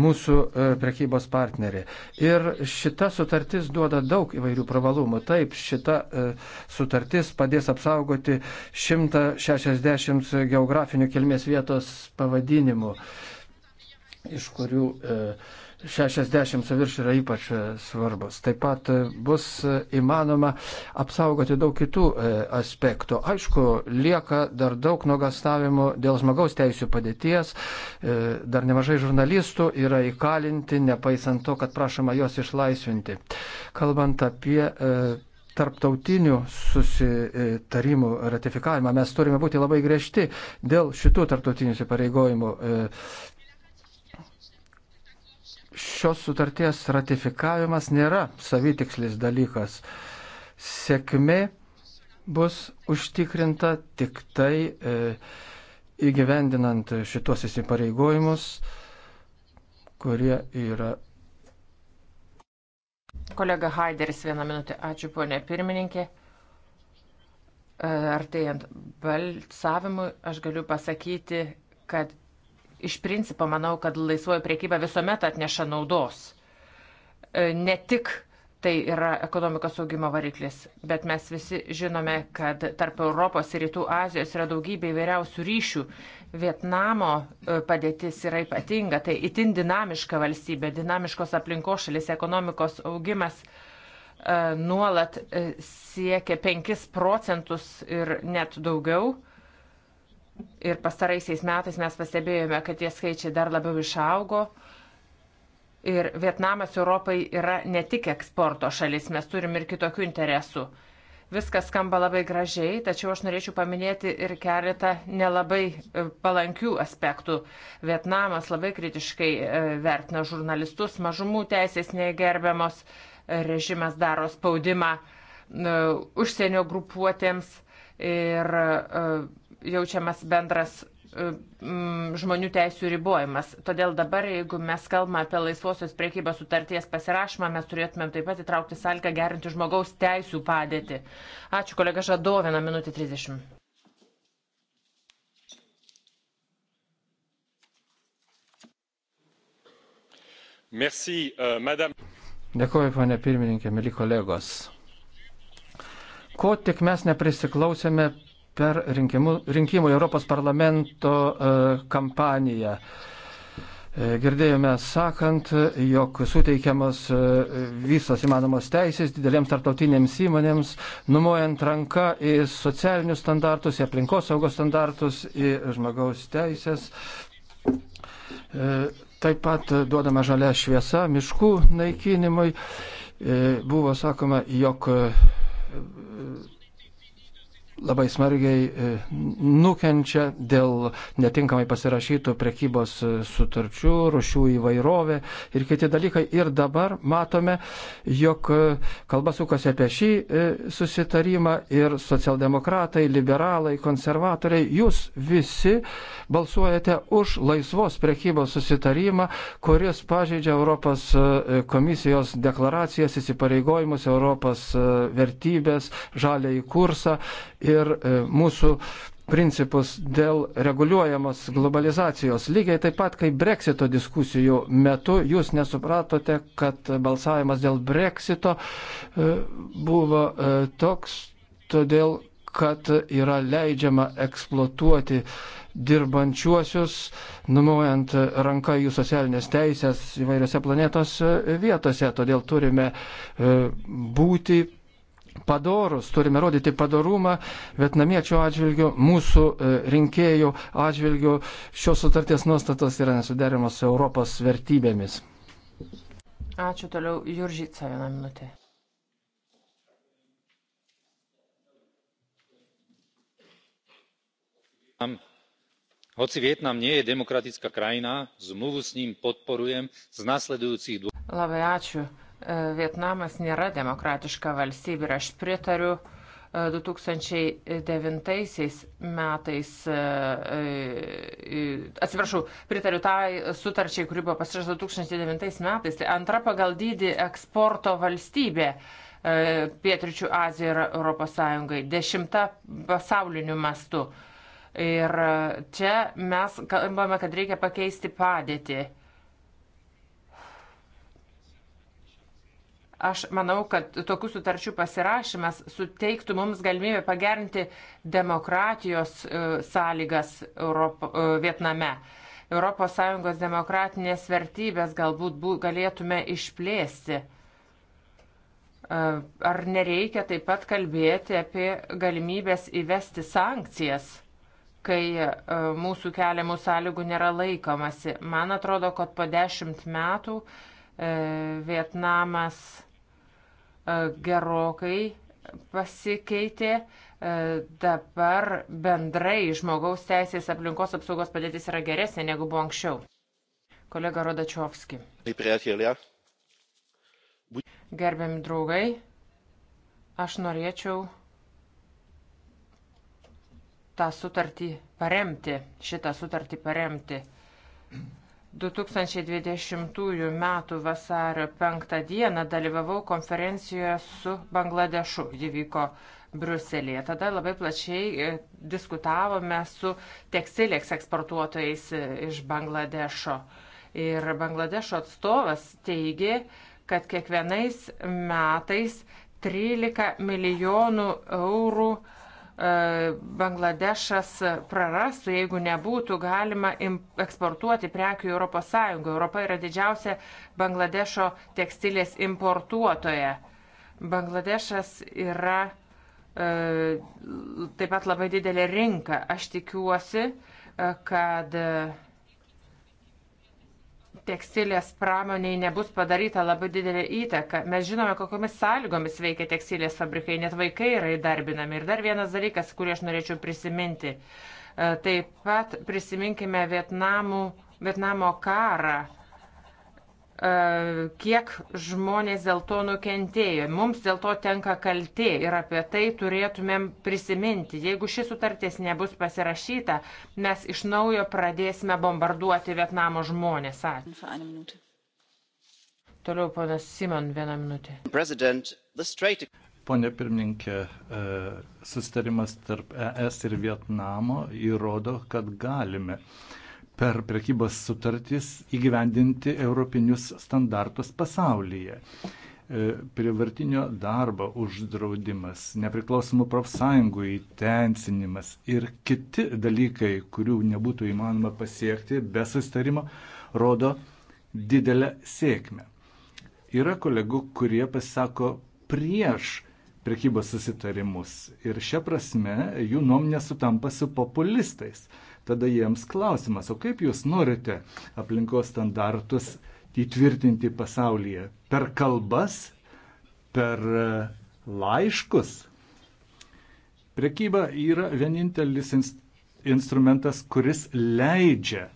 mūsų e, prekybos partnerė. Ir šita sutartis duoda daug įvairių privalumų. Taip, šita e, sutartis padės apsaugoti 160 geografinių kilmės vietos pavadinimų, iš kurių. E, 60 su virš yra ypač e, svarbus. Taip pat e, bus e, įmanoma apsaugoti daug kitų aspektų. Aišku, lieka dar daug nuogastavimų dėl žmogaus teisų padėties. Dar nemažai žurnalistų yra įkalinti, nepaisant to, kad prašoma juos išlaisvinti. Kalbant apie tarptautinių susitarimų ratifikavimą. Mes turime būti labai griežti dėl šitų tarptautinių įsipareigojimų šios sutarties ratifikavimas nėra savitikslis dalykas. Sėkmė bus užtikrinta tik tai e, įgyvendinant šitos įsipareigojimus, kurie yra. Kolega Haideris, vieną minutę. Ačiū, ponė pirmininkė. E, artėjant balsavimui, aš galiu pasakyti, kad Iš principo manau, kad laisvoji priekyba visuomet atneša naudos. E, ne tik tai yra ekonomikos augimo variklis, bet mes visi žinome, kad tarp Europos ir Rytų Azijos yra daugybė įvairiausių ryšių. Vietnamo e, padėtis yra ypatinga, tai itin dinamiška valstybė, dinamiškos aplinkos šalis, ekonomikos augimas e, nuolat siekia 5 procentus ir net daugiau Ir pastaraisiais metais mes pastebėjome, kad tie skaičiai dar labiau išaugo. Ir Vietnamas Europai yra ne tik eksporto šalis, mes turim ir kitokių interesų. Viskas skamba labai gražiai, tačiau aš norėčiau paminėti ir keletą nelabai e, palankių aspektų. Vietnamas labai kritiškai e, vertina žurnalistus, mažumų teisės negerbiamos, e, režimas daro spaudimą užsienio grupuotėms ir jaučiamas bendras e, žmonių teisų ribojimas. Todėl dabar, jeigu mes kalbame apie laisvosios priekybos sutarties pasirašymą, mes turėtumėm taip pat įtraukti sąlygą gerinti žmogaus teisų padėtį. Ačiū, kolega Žado, vieną minutę 30. Merci, uh, madame. Dėkuoju, ponė pirmininkė, mėly kolegos. Ko tik mes neprisiklausėme per rinkimų, rinkimų į Europos parlamento e, kampaniją. E, girdėjome sakant, jog suteikiamas e, visos įmanomos teisės didelėms tarptautinėms įmonėms, numuojant ranką į socialinius standartus, į aplinkos saugos standartus, į žmogaus teisės. Taip pat duodama žalia šviesa miškų naikinimui. Buvo sakoma, jog labai smargiai e, nukenčia dėl netinkamai pasirašytų prekybos e, sutarčių, rušių įvairovė ir kiti dalykai. Ir dabar matome, jog e, kalba sukasi apie šį susitarimą ir socialdemokratai, liberalai, konservatoriai, jūs visi balsuojate už laisvos prekybos susitarimą, kuris pažeidžia Europos komisijos deklaracijas, įsipareigojimus, Europos vertybės, žaliai kursą. Ir ir e, mūsų principus dėl reguliuojamos globalizacijos. Lygiai taip pat, kaip breksito diskusijų metu jūs nesupratote, kad balsavimas dėl breksito e, buvo e, toks, todėl kad yra leidžiama eksploatuoti dirbančiuosius, numuojant ranką jų socialinės teisės įvairiose planetos vietose. Todėl turime būti padorus, turime rodyti padorumą vietnamiečių atžvilgių, mūsų e, rinkėjų atžvilgių. Šios sutarties nuostatos yra nesuderimas su Europos vertybėmis. Ačiū toliau, Juržica, vieną minutę. hoci vietnam nie je demokratická krajina zmluvu s ním podporujem z nasledujúcich dôvodov. E, Vietnamas nėra demokratiška valstybė ir aš pritariu 2009 e, metais, e, atsiprašau, pritariu tai sutarčiai, kuri buvo pasirašyta 2009 metais, tai antra pagal dydį eksporto valstybė. Pietričių Azija ir Europos Sąjungai, dešimta pasauliniu mastu. Ir čia mes kalbame, kad reikia pakeisti padėtį. Aš manau, kad tokių sutarčių pasirašymas suteiktų mums galimybę pagerinti demokratijos e, sąlygas Europo, e, Vietname. ES demokratinės vertybės galbūt bū, galėtume išplėsti. E, ar nereikia taip pat kalbėti apie galimybės įvesti sankcijas, kai mūsų keliamų sąlygų nėra laikomasi? Man atrodo, kad po dešimt metų Vietnamas E, gerokai pasikeitė. E, dabar bendrai žmogaus teisės aplinkos apsaugos padėtis yra geresnė negu buvo anksčiau. Kolega Rodačiovski. Gerbiami draugai, aš norėčiau tą sutartį paremti, šitą sutartį paremti. 2020 m. vasario 5 d. dalyvavau konferencijoje su Bangladešu. Ji vyko Bruselėje. Tada labai plačiai e, diskutavome su tekstilės eksportuotojais e, iš Bangladešo. Ir Bangladešo atstovas teigė, kad kiekvienais metais 13 milijonų eurų uh, E, Bangladešas prarastų, jeigu nebūtų galima eksportuoti prekių į ES. Europa yra didžiausia Bangladešo tekstilės importuotoja. Bangladešas yra e, taip pat labai didelė rinka. Aš tikiuosi, e, kad tekstilės pramoniai nebus padaryta labai didelė įtaka. Mes žinome, kokiamis sąlygomis veikia tekstilės fabrikai, net vaikai yra įdarbinami. Ir dar vienas dalykas, kurį aš norėčiau prisiminti. E, taip pat prisiminkime Vietnamų, Vietnamo karą. E, kiek žmonės dėl to nukentėjo. Mums dėl to tenka kaltė ir apie tai turėtumėm prisiminti. Jeigu ši sutartis nebus pasirašyta, mes iš naujo pradėsime bombarduoti Vietnamo žmonės. Ačiū. Toliau ponas Simon, vieną minutę. Pone pirmininkė, e, sustarimas tarp ES ir Vietnamo įrodo, kad galime uh, per prekybos sutartys įgyvendinti europinius standartus pasaulyje. E, Privartinio darbo uždraudimas, nepriklausomų profsąjungų įtensinimas ir kiti dalykai, kurių nebūtų įmanoma pasiekti be sustarimo, rodo didelę sėkmę. Yra kolegų, kurie pasisako prieš prekybos susitarimus ir šia prasme jų nuomonė sutampa su populistais. Tada jiems klausimas, o kaip jūs norite aplinkos standartus įtvirtinti pasaulyje? Per kalbas, per e, laiškus? Prekyba yra vienintelis inst instrumentas, kuris leidžia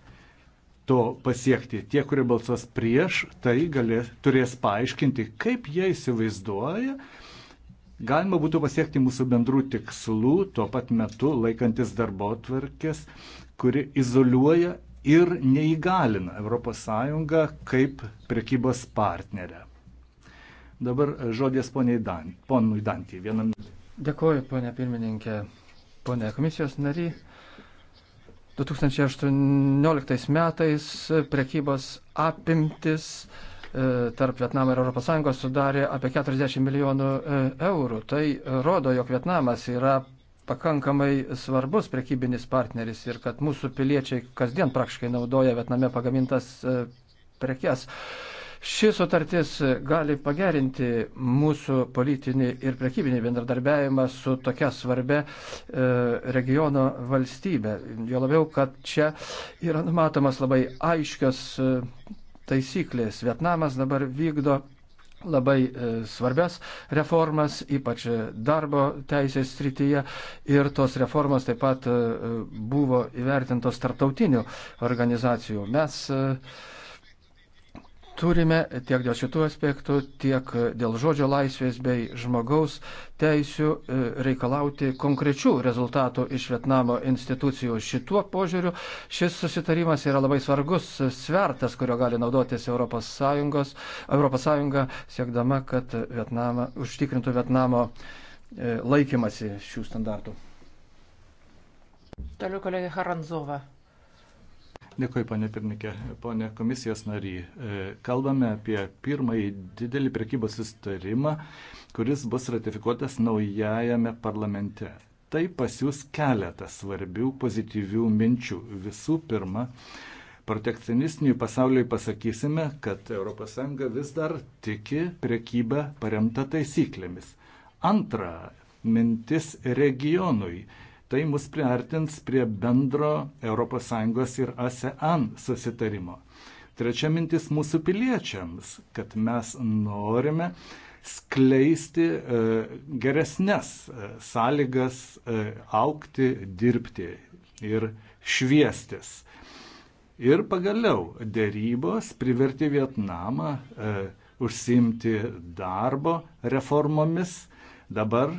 to pasiekti. Tie, kurie balsuos prieš, tai galės, turės paaiškinti, kaip jie įsivaizduoja, galima būtų pasiekti mūsų bendrų tikslų, tuo pat metu laikantis darbo tvarkės, kuri izoliuoja ir neįgalina ES kaip prekybos partnerę. Dabar žodės poniai Dan, ponui Dantį. Vienam... Dėkuoju, ponė pirmininkė, ponė komisijos nary. 2018 metais prekybos apimtis E, tarp Vietnamo ir ES sudarė apie 40 milijonų e, eurų. Tai rodo, jog Vietnamas yra pakankamai svarbus prekybinis partneris ir kad mūsų piliečiai kasdien praktiškai naudoja Vietname pagamintas e, prekes. Ši sutartis gali pagerinti mūsų politinį ir prekybinį bendradarbiavimą su tokia svarbia e, regiono valstybė. Jo labiau, kad čia yra numatomas labai aiškios e, taisyklės. Vietnamas dabar vykdo labai e, svarbias reformas, ypač e, darbo teisės srityje. Ir tos reformos taip pat e, buvo įvertintos tarptautinių organizacijų. Mes turime tiek dėl šitų aspektų, tiek dėl žodžio laisvės bei žmogaus teisių e, reikalauti konkrečių rezultatų iš Vietnamo institucijų. Šituo požiūriu šis susitarimas yra labai svarbus svertas, kurio gali naudotis ES, ES siekdama, kad Vietnama, užtikrintų Vietnamo e, laikymasi šių standartų. Toliau kolegė Haranzova. Dėkui, ponė pirmininkė, ponė komisijos nary. E, kalbame apie pirmąjį didelį prekybos sustarimą, kuris bus ratifikuotas naujajame parlamente. Tai pasiūs keletą svarbių pozityvių minčių. Visų pirma, protekcionistiniui pasauliui pasakysime, kad ES vis dar tiki prekybą paremta taisyklėmis. Antra, mintis regionui Tai mus priartins prie bendro ES ir ASEAN susitarimo. Trečia mintis mūsų piliečiams, kad mes norime skleisti e, geresnės e, sąlygas e, aukti, dirbti ir šviestis. Ir pagaliau dėrybos privertė Vietnamą e, užsimti darbo reformomis. Dabar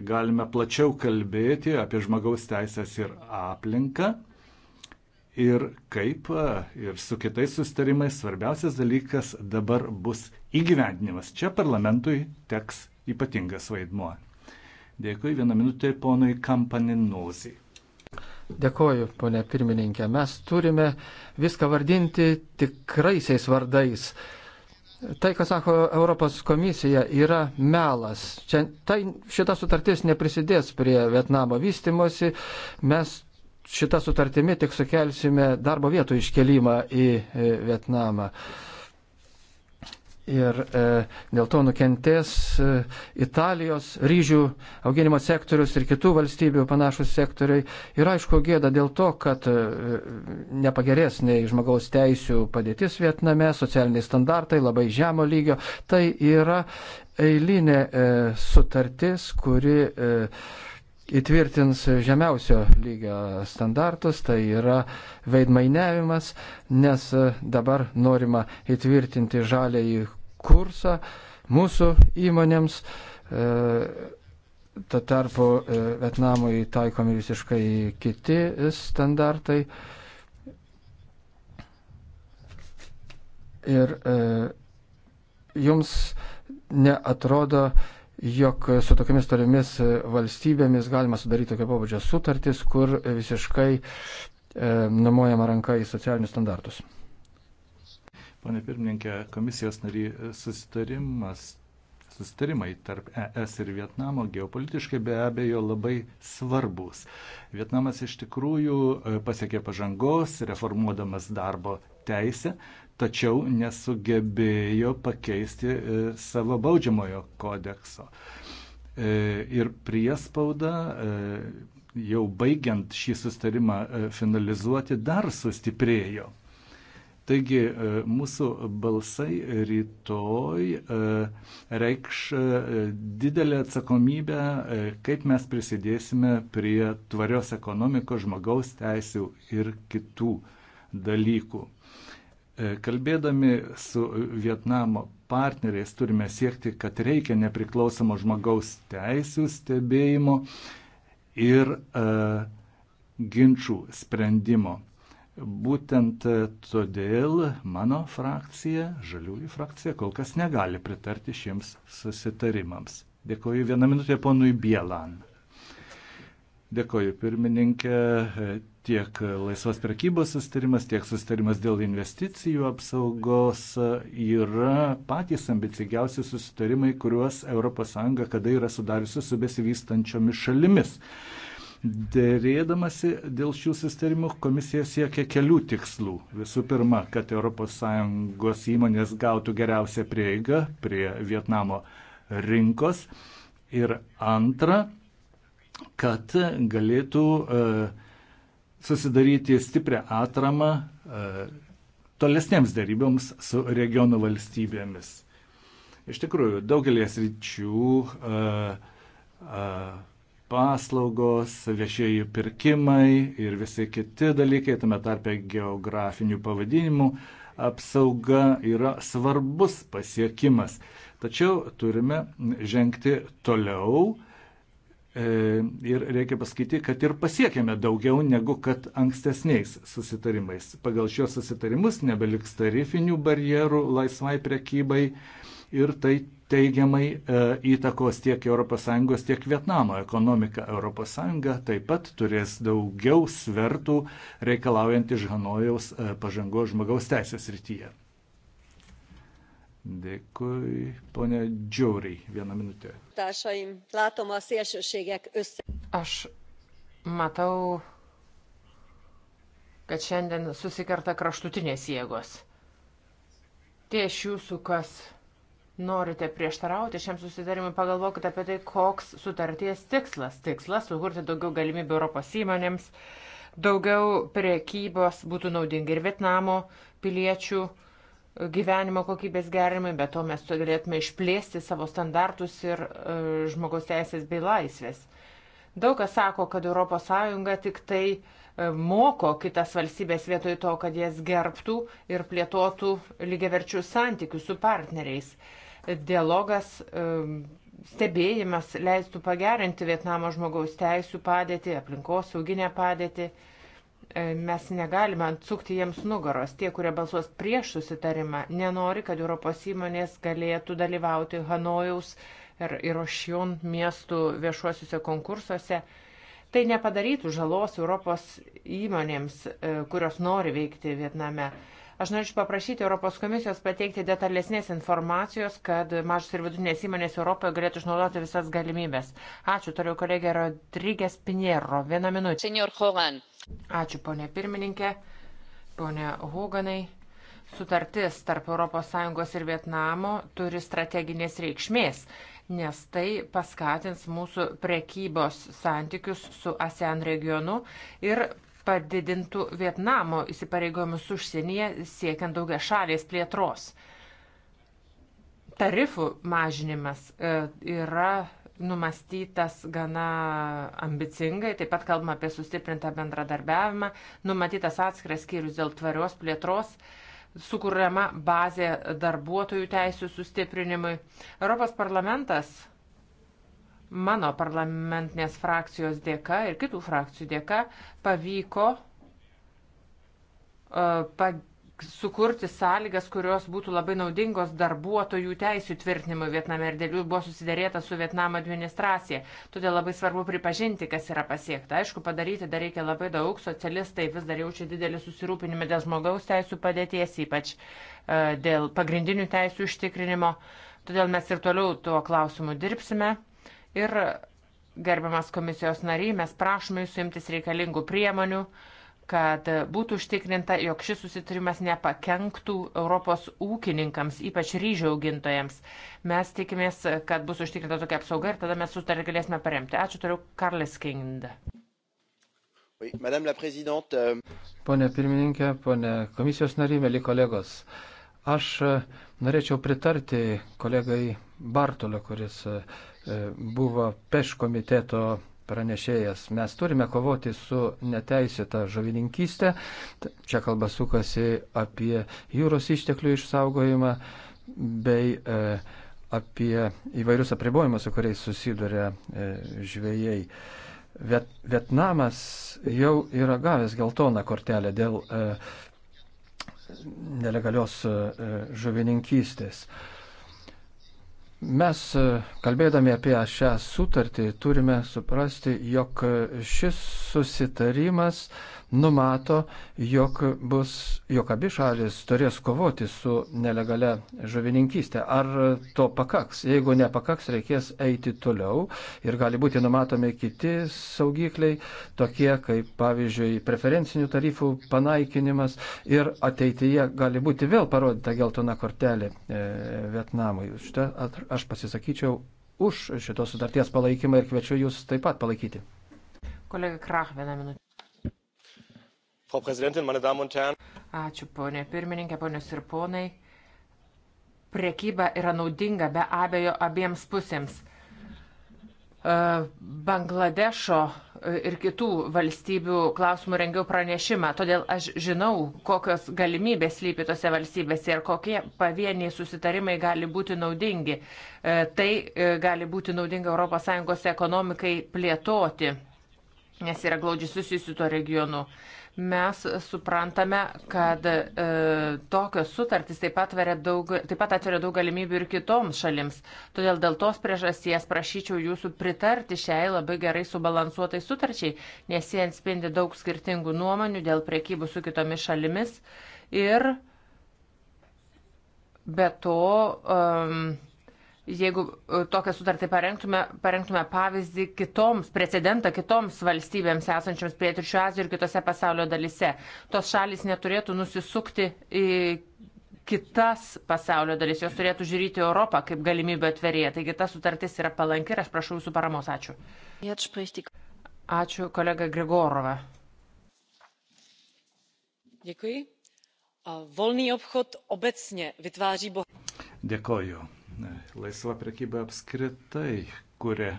galime plačiau kalbėti apie žmogaus teisės ir aplinką. Ir kaip e, ir su kitais sustarimais svarbiausias dalykas dabar bus įgyvendinimas. Čia parlamentui teks ypatingas vaidmuo. Dėkui vieną minutę ponui Kampaninozijai. Dėkoju, ponė pirmininkė. Mes turime viską vardinti tikraisiais vardais. Tai, ką sako Europos komisija, yra melas. Čia, tai, šita sutartis neprisidės prie Vietnamo vystimosi. Mes šitą sutartimi tik sukelsime darbo vietų iškelimą į Vietnamą. E, Ir e, dėl to nukentės e, Italijos ryžių auginimo sektorius ir kitų valstybių panašus sektoriai. Ir aišku, gėda dėl to, kad e, nepagerės nei žmogaus teisų padėtis Vietname, socialiniai standartai labai žemo lygio. Tai yra eilinė e, sutartis, kuri. E, įtvirtins žemiausio lygio standartus, tai yra veidmainiavimas, nes dabar norima įtvirtinti žaliai kursą mūsų įmonėms. E, tuo tarpu e, Vietnamui taikomi visiškai kiti standartai. Ir e, jums neatrodo, e, jog su tokiamis tolimis valstybėmis galima sudaryti tokio pobūdžio sutartis, kur visiškai e, namuojama ranka į socialinius standartus. Pane pirmininkė, komisijos nary e, susitarimas. Sustarimai tarp ES ir Vietnamo geopolitiškai be abejo labai svarbus. Vietnamas iš tikrųjų e, pasiekė pažangos, reformuodamas darbo teisę, tačiau nesugebėjo pakeisti e, savo baudžiamojo kodekso. E, ir priespauda, e, jau baigiant šį sustarimą finalizuoti, dar sustiprėjo. Taigi mūsų balsai rytoj reikš didelę atsakomybę, kaip mes prisidėsime prie tvarios ekonomikos, žmogaus teisų ir kitų dalykų. E, kalbėdami su Vietnamo partneriais turime siekti, kad reikia nepriklausomo žmogaus teisų stebėjimo ir e, ginčių sprendimo. Būtent e, todėl mano frakcija, žaliųjų frakcija, kol kas negali pritarti šiems susitarimams. Dėkoju vieną minutę ponui Bielan. Dėkoju pirmininkė tiek laisvos prekybos sustarimas, tiek sustarimas dėl investicijų apsaugos yra patys ambicingiausi sustarimai, kuriuos ES kada yra sudariusi su besivystančiomis šalimis. Dėrėdamasi dėl šių sustarimų komisija siekia kelių tikslų. Visų pirma, kad ES įmonės gautų geriausią prieigą prie Vietnamo rinkos. Ir antra, kad galėtų uh, susidaryti stiprią atramą e, tolesnėms daryboms su regionų valstybėmis. Iš tikrųjų, daugelį sričių e, e, paslaugos, viešieji pirkimai ir visi kiti dalykai, tame tarpe geografinių pavadinimų apsauga yra svarbus pasiekimas. Tačiau turime žengti toliau, uh, E, ir reikia pasakyti, kad ir pasiekėme daugiau negu kad ankstesniais susitarimais. Pagal šios susitarimus nebeliks tarifinių barjerų laisvai prekybai ir tai teigiamai e, įtakos tiek ES, tiek Vietnamo ekonomika. ES taip pat turės daugiau svertų reikalaujant iš Hanojaus e, pažangos žmogaus teisės rytyje. Dėkui, ponė Džiauriai, vieną minutę. Aš matau, kad šiandien susikerta kraštutinės jėgos. Tie iš jūsų, kas norite prieštarauti šiam susidarimui, pagalvokite apie tai, koks sutarties tikslas. Tikslas sukurti daugiau galimybių Europos įmonėms, daugiau priekybos būtų naudingi ir Vietnamo piliečių gyvenimo kokybės gerimai, bet to mes galėtume išplėsti savo standartus ir uh, žmogaus teisės bei laisvės. Daug kas sako, kad ES tik tai uh, moko kitas valstybės vietoj to, kad jas gerbtų ir plėtotų lygiaverčių santykių su partneriais. Dialogas, uh, stebėjimas leistų pagerinti Vietnamo žmogaus teisų padėtį, aplinkos sauginę padėtį. Uh, E, mes negalime atsukti jiems nugaros. Tie, kurie balsuos prieš susitarimą, nenori, kad Europos įmonės galėtų dalyvauti Hanojaus ir Irošion miestų viešuosiuose konkursuose. Tai nepadarytų žalos Europos įmonėms, e, kurios nori veikti Vietname. Aš norėčiau paprašyti Europos komisijos pateikti detalesnės informacijos, kad mažos ir vidutinės įmonės Europoje galėtų išnaudoti visas galimybės. Ačiū toliau kolegė Rodrygės Pinero. Vieną minutę. Senior Hogan. Ačiū ponė pirmininkė, ponė Hoganai. Sutartis tarp ES ir Vietnamo turi strateginės reikšmės nes tai paskatins mūsų prekybos santykius su ASEAN regionu ir padidintų Vietnamo įsipareigojimus užsienyje siekiant daugia šalės plėtros. Tarifų mažinimas e, yra numastytas gana ambicingai, taip pat kalbama apie sustiprintą bendradarbiavimą, numatytas atskiras skyrius dėl tvarios plėtros sukūriama bazė darbuotojų teisų sustiprinimui. Europos parlamentas mano parlamentinės frakcijos dėka ir kitų frakcijų dėka pavyko uh, pa, sukurti sąlygas, kurios būtų labai naudingos darbuotojų teisų tvirtinimui Vietname ir dėl jų buvo susidarėta su Vietnamo administracija. Todėl labai svarbu pripažinti, kas yra pasiekta. Aišku, padaryti dar reikia labai daug. Socialistai vis dar jaučia didelį susirūpinimą dėl žmogaus teisų padėties, ypač uh, dėl pagrindinių teisų užtikrinimo. Todėl mes ir toliau tuo klausimu dirbsime. Ir gerbiamas komisijos nariai, mes prašome jūsų imtis reikalingų priemonių, kad būtų užtikrinta, jog šis susitarimas nepakenktų Europos ūkininkams, ypač ryžių augintojams. Mes tikimės, kad bus užtikrinta tokia apsauga ir tada mes sutarį galėsime paremti. Ačiū toliau, Karlis Kind. Pone pirmininkė, pone komisijos nariai, mėly kolegos, aš Norėčiau pritarti kolegai Bartolio, kuris e, e, buvo peš komiteto pranešėjas. Mes turime kovoti su neteisėta žavininkystė. Čia kalba sukasi apie jūros išteklių išsaugojimą bei e, apie įvairius apribojimus, su kuriais susiduria e, žvėjai. Viet, Vietnamas jau yra gavęs geltoną kortelę dėl e, nelegalios e, žuvininkystės. Mes, e, kalbėdami apie šią sutartį, turime suprasti, jog šis susitarimas numato, jog, bus, jog abi šalis turės kovoti su nelegale žuvininkystė. Ar to pakaks? Jeigu nepakaks, reikės eiti toliau ir gali būti numatomi kiti saugikliai, tokie kaip pavyzdžiui preferencinių tarifų panaikinimas ir ateityje gali būti vėl parodyta geltona kortelė e, Vietnamui. Šitą aš pasisakyčiau už šitos sutarties palaikymą ir kviečiu jūs taip pat palaikyti. Kolega Krach, vieną minutę. Ačiū, ponė pirmininkė, ponios ir ponai. Prekyba yra naudinga be abejo abiems pusėms. E, Bangladešo e, ir kitų valstybių klausimų rengiau pranešimą, todėl aš žinau, kokios galimybės lypi tose valstybėse ir kokie pavieniai susitarimai gali būti naudingi. E, tai gali būti naudinga ES ekonomikai plėtoti, nes yra glaudžiai susijusi su tuo regionu mes suprantame, kad e, tokios sutartys taip pat, daug, taip pat atveria daug galimybių ir kitoms šalims. Todėl dėl tos priežasties prašyčiau jūsų pritarti šiai labai gerai subalansuotai sutarčiai, nes jie atspindi daug skirtingų nuomonių dėl priekybų su kitomis šalimis. Ir be to. Um, e, jeigu e, tokią sutartį parengtume, parengtume pavyzdį kitoms, precedentą kitoms valstybėms esančioms Pietričių Azijoje ir kitose pasaulio dalise. Tos šalis neturėtų nusisukti į kitas pasaulio dalis, jos turėtų žiūrėti Europą kaip galimybę atverėje. Taigi ta sutartis yra palanki ir aš prašau jūsų paramos. Ačiū. Ačiū kolega Grigorova. Děkuji. Volný obchod obecně vytváří bohatství. Děkuji Laisva prekyba apskritai kuria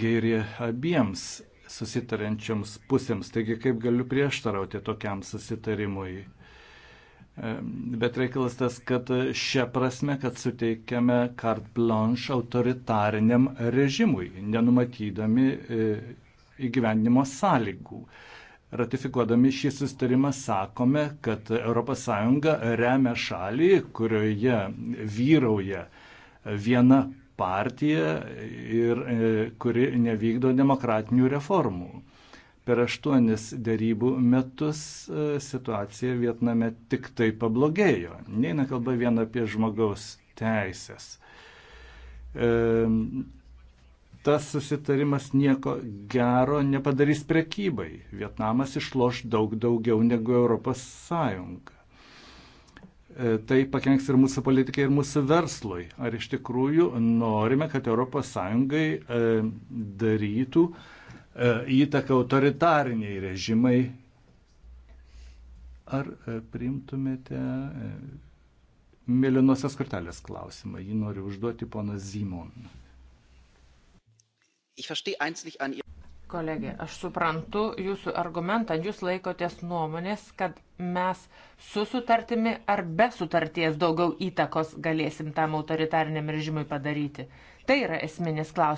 gėri abiems susitarančiams pusėms. Taigi kaip galiu prieštarauti tokiam susitarimui? E, bet reikalas tas, kad šią prasme, kad suteikiame carte blanche autoritariniam režimui, nenumatydami e, įgyvendinimo sąlygų ratifikuodami šį sustarimą sakome, kad ES remia šalį, kurioje vyrauja viena partija ir e, kuri nevykdo demokratinių reformų. Per aštuonis dėrybų metus e, situacija Vietname tik tai pablogėjo. Neina kalba vien apie žmogaus teisės. E, tas susitarimas nieko gero nepadarys prekybai. Vietnamas išloš daug daugiau negu Europos Sąjunga. E, tai pakenks ir mūsų politikai, ir mūsų verslui. Ar iš tikrųjų norime, kad ES e, darytų e, įtaką autoritariniai režimai? Ar priimtumėte mėlynosios kortelės klausimą? Jį noriu užduoti ponas Zimon. Kolegė, aš suprantu jūsų argumentą, jūs laikotės nuomonės, kad mes su sutartimi ar be sutarties daugiau įtakos galėsim tam autoritariniam režimui padaryti. Tai yra esminis klausimas.